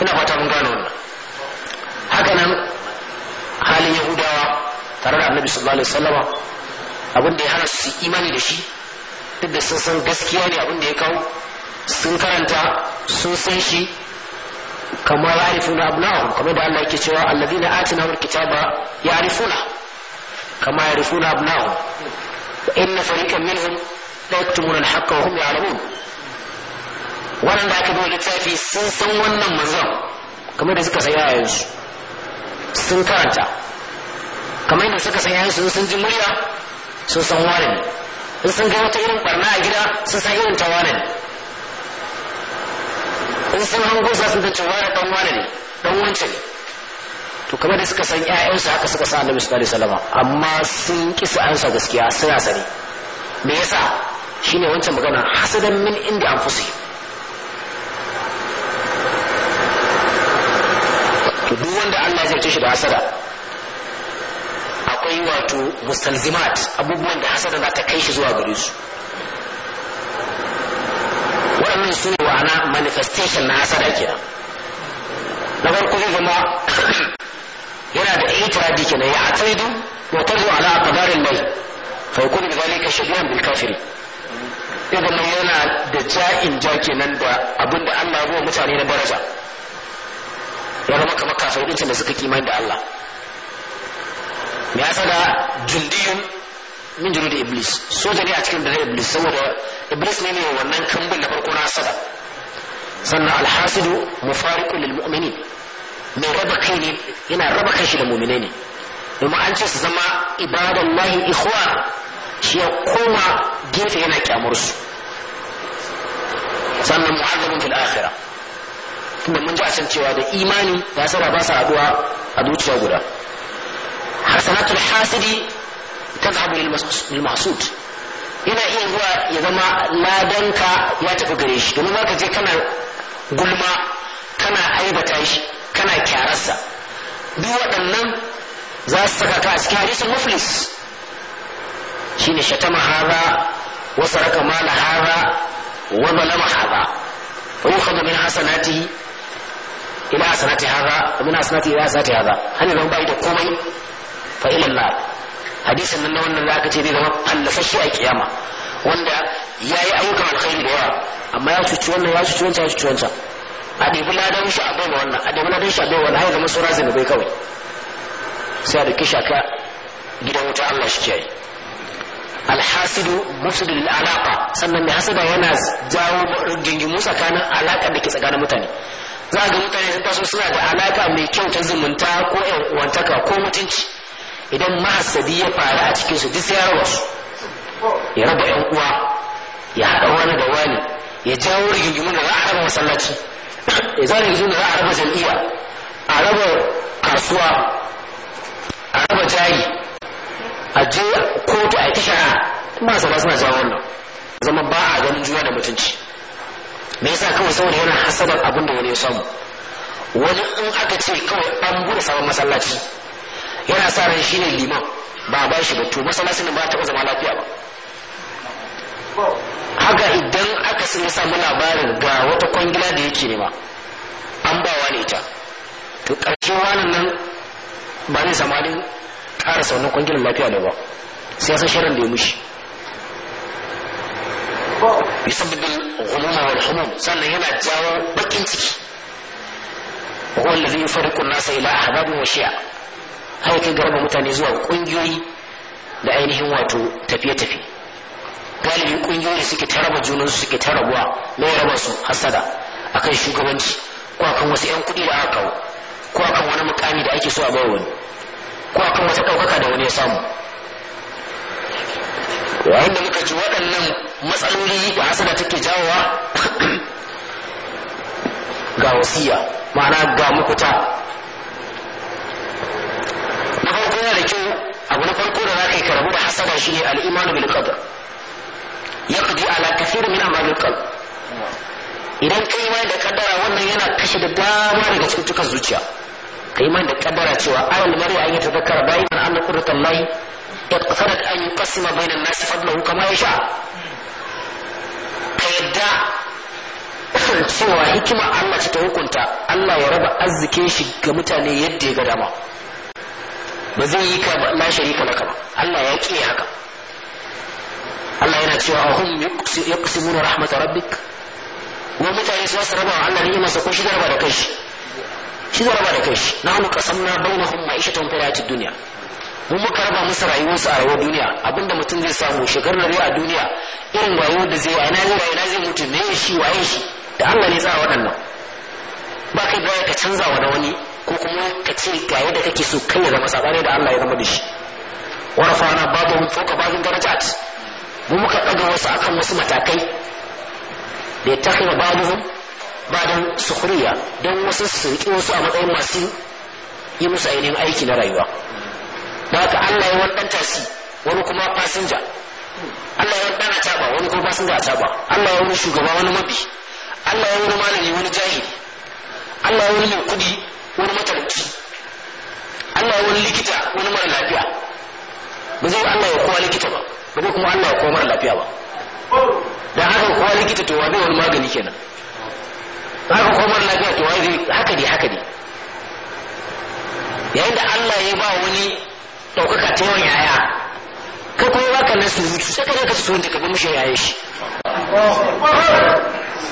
ina fata mun gano wannan haka nan halin yahudawa tare da annabi sallallahu alaihi wasallama abin da ya hana su imani da shi duk da sun san gaskiya ne abin da ya kawo sun karanta sun san shi kama ya arifuna abnahum kamar da Allah yake cewa allazina atina wal kitaba ya arifuna kama ya arifuna na wa inna fariqan minhum la yaktumuna al-haqqa wa hum ya'lamun waɗanda aka bi littafi sun san wannan manzon kamar da suka san yayansu sun karanta kamar yadda suka san yayansu sun ji murya sun san wani in sun ga wata irin barna a gida sun san irin tawanan in sun hango sa sun tance wani dan wani ne dan wance ne to kamar da suka san 'ya'yansu haka suka sa annabi sallallahu alaihi wasallam amma sun kisa ansa gaskiya suna sani me yasa shine wancan magana hasadan min inda anfusihim to duk wanda Allah ya zarce shi da hasada akwai wato mustalzimat abubuwan da hasada za ta kai shi zuwa gare su waɗannan su ne wa'ana manifestation na hasada kenan na farko zai zama yana da itiradi kenan ya atridu wa zuwa ala qadarin mai fa yakunu bi dhalika shadwan bil kafiri daga nan yana da ja'in ja kenan da abin da Allah ya mutane na baraja. ya zama kamar kafirin da suka kima da Allah me yasa da jundiyun min da iblis soja ne a cikin da iblis saboda iblis ne ne wannan kambun da farko na sada sannan alhasidu mufariqu lil mu'minin mai raba kai ne yana raba kai shi da mu'mine ne domin an ce su zama ibadallahi ikhwan shi ya koma gefe yana kyamar su sannan mu'azzabun fil akhirah tunda mun ji a can cewa da imani da hasara ba sa haduwa a zuciya guda hasanatul hasidi tazhabu lil mahsud yana iya zuwa ya zama ladanka ya tafi gare shi domin zaka je kana gulma kana aibata shi kana kyararsa duk waɗannan za su saka ka a cikin hadisin muflis shine shatama hadha wa saraka mala hadha wa zalama hadha fa yukhadhu min hasanatihi ila hasanati hadha wa min hasanati ila hasanati hadha hani zan bai da komai fa ila Allah hadisin nan na wannan aka ce zai zama fallasashi a kiyama wanda ya yi ayyukan alkhairi da yawa amma ya cuci wannan ya cuci wancan ya cuci wancan a ɗebi ladan shi a bai wannan a ɗebi ladan shi a bai wannan har zama sauran zanabai kawai sai da kisha ka gidan wuta Allah shi kiyaye alhasidu mufsidu lil alaqa sannan mai hasada yana jawo gingimu tsakanin alaka da ke tsakanin mutane za ga mutane sun taso suna da alaƙa mai kyau ta zumunta ko ƴan uwantaka ko mutunci idan mahasadi ya faru a cikin su duk sai ya raba su ya raba ƴan uwa ya haɗa wani da wani ya jawo rigingimu da za a raba masallaci ya za rigingimu da za a raba jam'iyya a raba kasuwa a raba jari a je kotu a ita shara masana suna jawo wannan zama ba a ganin juna da mutunci me yasa kawai saboda yana hasadar abin da wani ya samu wani in aka ce kawai an gudu sabon masallaci yana sa ran shi ne liman ba ba shi ba to masallacin nan ba ta zama lafiya ba haka idan aka sun samu labarin ga wata kwangila da yake nema an ba wa ne ita to ƙarshen wani nan ba ne zamanin karasa wannan kwangilan lafiya da ba sai san shirin da ya mushi yusabbibul ghuluma wal humum sannan yana jawo bakin ciki huwa alladhi yufarriqu an-nasa ila ahbabin wa shi'a haka kai garba mutane zuwa kungiyoyi da ainihin wato tafiye-tafiye galibi kungiyoyi suke ta raba junansu suke ta rabuwa mai raba su hasada akan shugabanci ko akan wasu 'yan kudi da aka kawo ko akan wani mukami da ake so a bawa wani ko akan wata ɗaukaka da wani ya samu yayin da muka ji waɗannan matsaloli da hasada take jawowa ga wasiya ma'ana ga mukuta na farko yana da kyau abu na farko da za ka yi karabu da hasada shi ne al'imanu bil qadar yaqdi ala kathir min amali qalb idan kai mai da kaddara wannan yana kashe da dama daga cikin zuciya ka yi da kaddara cewa ayyul mari an yi tafakkara bayan an na kudu tallahi iqtadat an yuqassima bayna an-nasi fadlahu kama yasha ka yadda cewa hikima Allah ce ta hukunta Allah ya raba arzikin shi ga mutane yadda ya ga dama ba zai yi ka la sharika laka ba Allah ya kiyaye haka Allah yana cewa ahum yaqsimuna rahmat rabbik wa mutane su raba Allah ne masa ko shi da raba da kai shi zai raba da kai shi na hannu kasan na bai na ta ma'aishatan fayatun duniya mun muka raba musu rayuwarsu a rawar duniya abinda mutum zai samu shekaru da a duniya irin rayuwar da zai wa ina zai zai mutu ne shi waye shi da Allah ne a waɗannan ba kai baya ka canza wa da wani ko kuma ka ce ga yadda kake so kai ya zama sabani da Allah ya zama da shi Wani wa babu ba'dahum foka ba'dhin darajat mu muka ɗaga wasu akan wasu matakai da ya ba ba'dahum ba don sukuriya don wasu su riƙe wasu a matsayin masu yi musu ainihin aiki na rayuwa da ka Allah ya wani ɗan tasi wani kuma fasinja Allah ya wani ɗan ataba wani kuma fasinja ataba Allah ya wani shugaba wani mabi Allah ya wani malami wani jahili Allah ya wani mai wani matalauci Allah ya wani likita wani mara lafiya ba zai Allah ya kowa likita ba ba kuma Allah ya kowa mara lafiya ba da haka kowa likita to wa wani magani kenan haka komar lafiya to wai haka ne haka ne yayin da Allah ya ba wani ɗaukaka ta yawan yaya ka kuma baka na surutu sai ka ka ka bi mushe yaye shi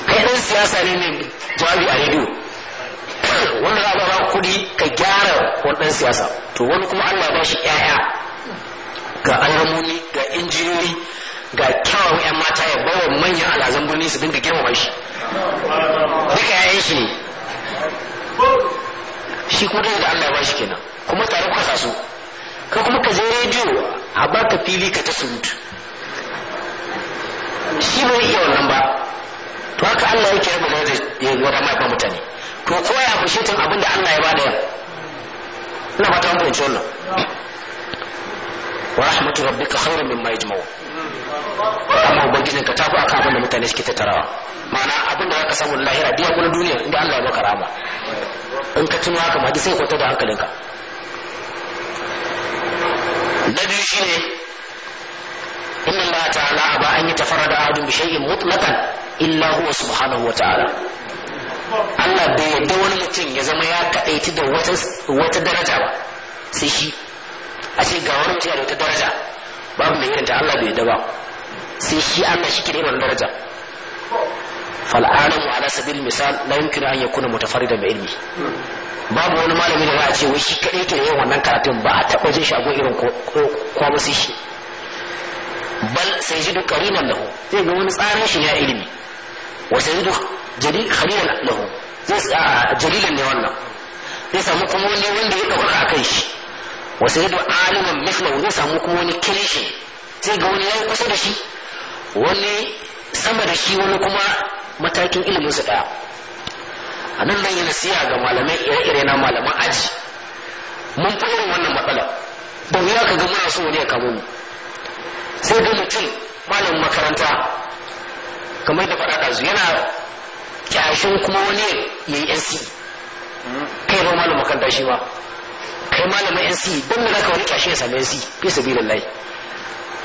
kai ɗan siyasa ne ne jawabi a rediyo wani za ba kuɗi ka gyara wani ɗan siyasa to wani kuma Allah ba shi yaya ga alamomi ga injiniyoyi ga kyawawan 'yan mata ya bawa manyan alazan birni su dinga girmama shi duka yayin shi ne shi kuma da Allah ya shi kenan kuma tare kuka su ka kuma ka je rediyo a baka fili ka ta surutu shi bai iya wannan ba to haka Allah yake raba da ya wata mai mutane to ko ya fushe tun abin da Allah ya da yau ina fata mun fahimci wannan wa rahmatu rabbika khairun mimma yajma'un amma ubangijin ka tafi akan abin da mutane suke tattarawa ma'ana abin da kasa wani lahira biya kuma duniya inda Allah ya maka rama in ka tuno haka ma sai kwanta da hankalinka na biyu ne. inna Allah ta'ala ba an yi da ahadun bi shay'in mutlaqan illa huwa subhanahu wa ta'ala Allah bai yadda wani mutum ya zama ya kaɗaiti da wata daraja ba sai shi a ce ga wani mutum da wata daraja babu mai irinta Allah bai yi ba sai shi Allah shi kire wannan daraja fal alamu ala sabil misal la yumkin an yakuna mutafarridan bi ilmi babu wani malami da za a ce wai shi kadai ke yin wannan karatun ba a taɓa jin shi a irin ko sai shi bal sai ji duk karinan lahu zai ga wani tsarin shi ya ilimi wa sai ji duk jari khalilan lahu zai jarilan ne wannan zai samu kuma wani wanda ya ɗaukaka a kan shi wasu yadda aliman misla wani samu kuma wani kilishi sai ga wani yayi kusa da shi wani sama da shi wani kuma matakin ilimin su daya a nan nan yana siya ga malamai ire-ire na malaman aji mun fi wannan matsala da wuya ka ga muna so wani ya kamo mu sai ga mutum malam makaranta kamar da faɗa ɗazu yana kyashin kuma wani ya yi nc kai ba malam makaranta shi ba kai malamin si don da zaka wani shi ya same si fi lai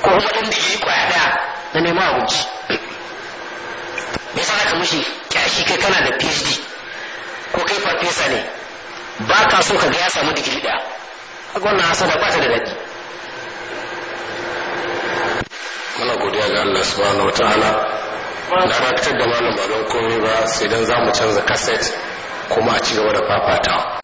ko kuma dan da yi kwaya daya na neman abinci me yasa ka mushi kyashi kai kana da PhD ko kai farfesa ne ba ka so ka ga ya samu digiri ɗaya a wannan hasada ba ta da daɗi muna godiya ga Allah subhanahu wataala na dakatar da malam ba don komai ba sai dan za mu canza kaset kuma a ci gaba da fafata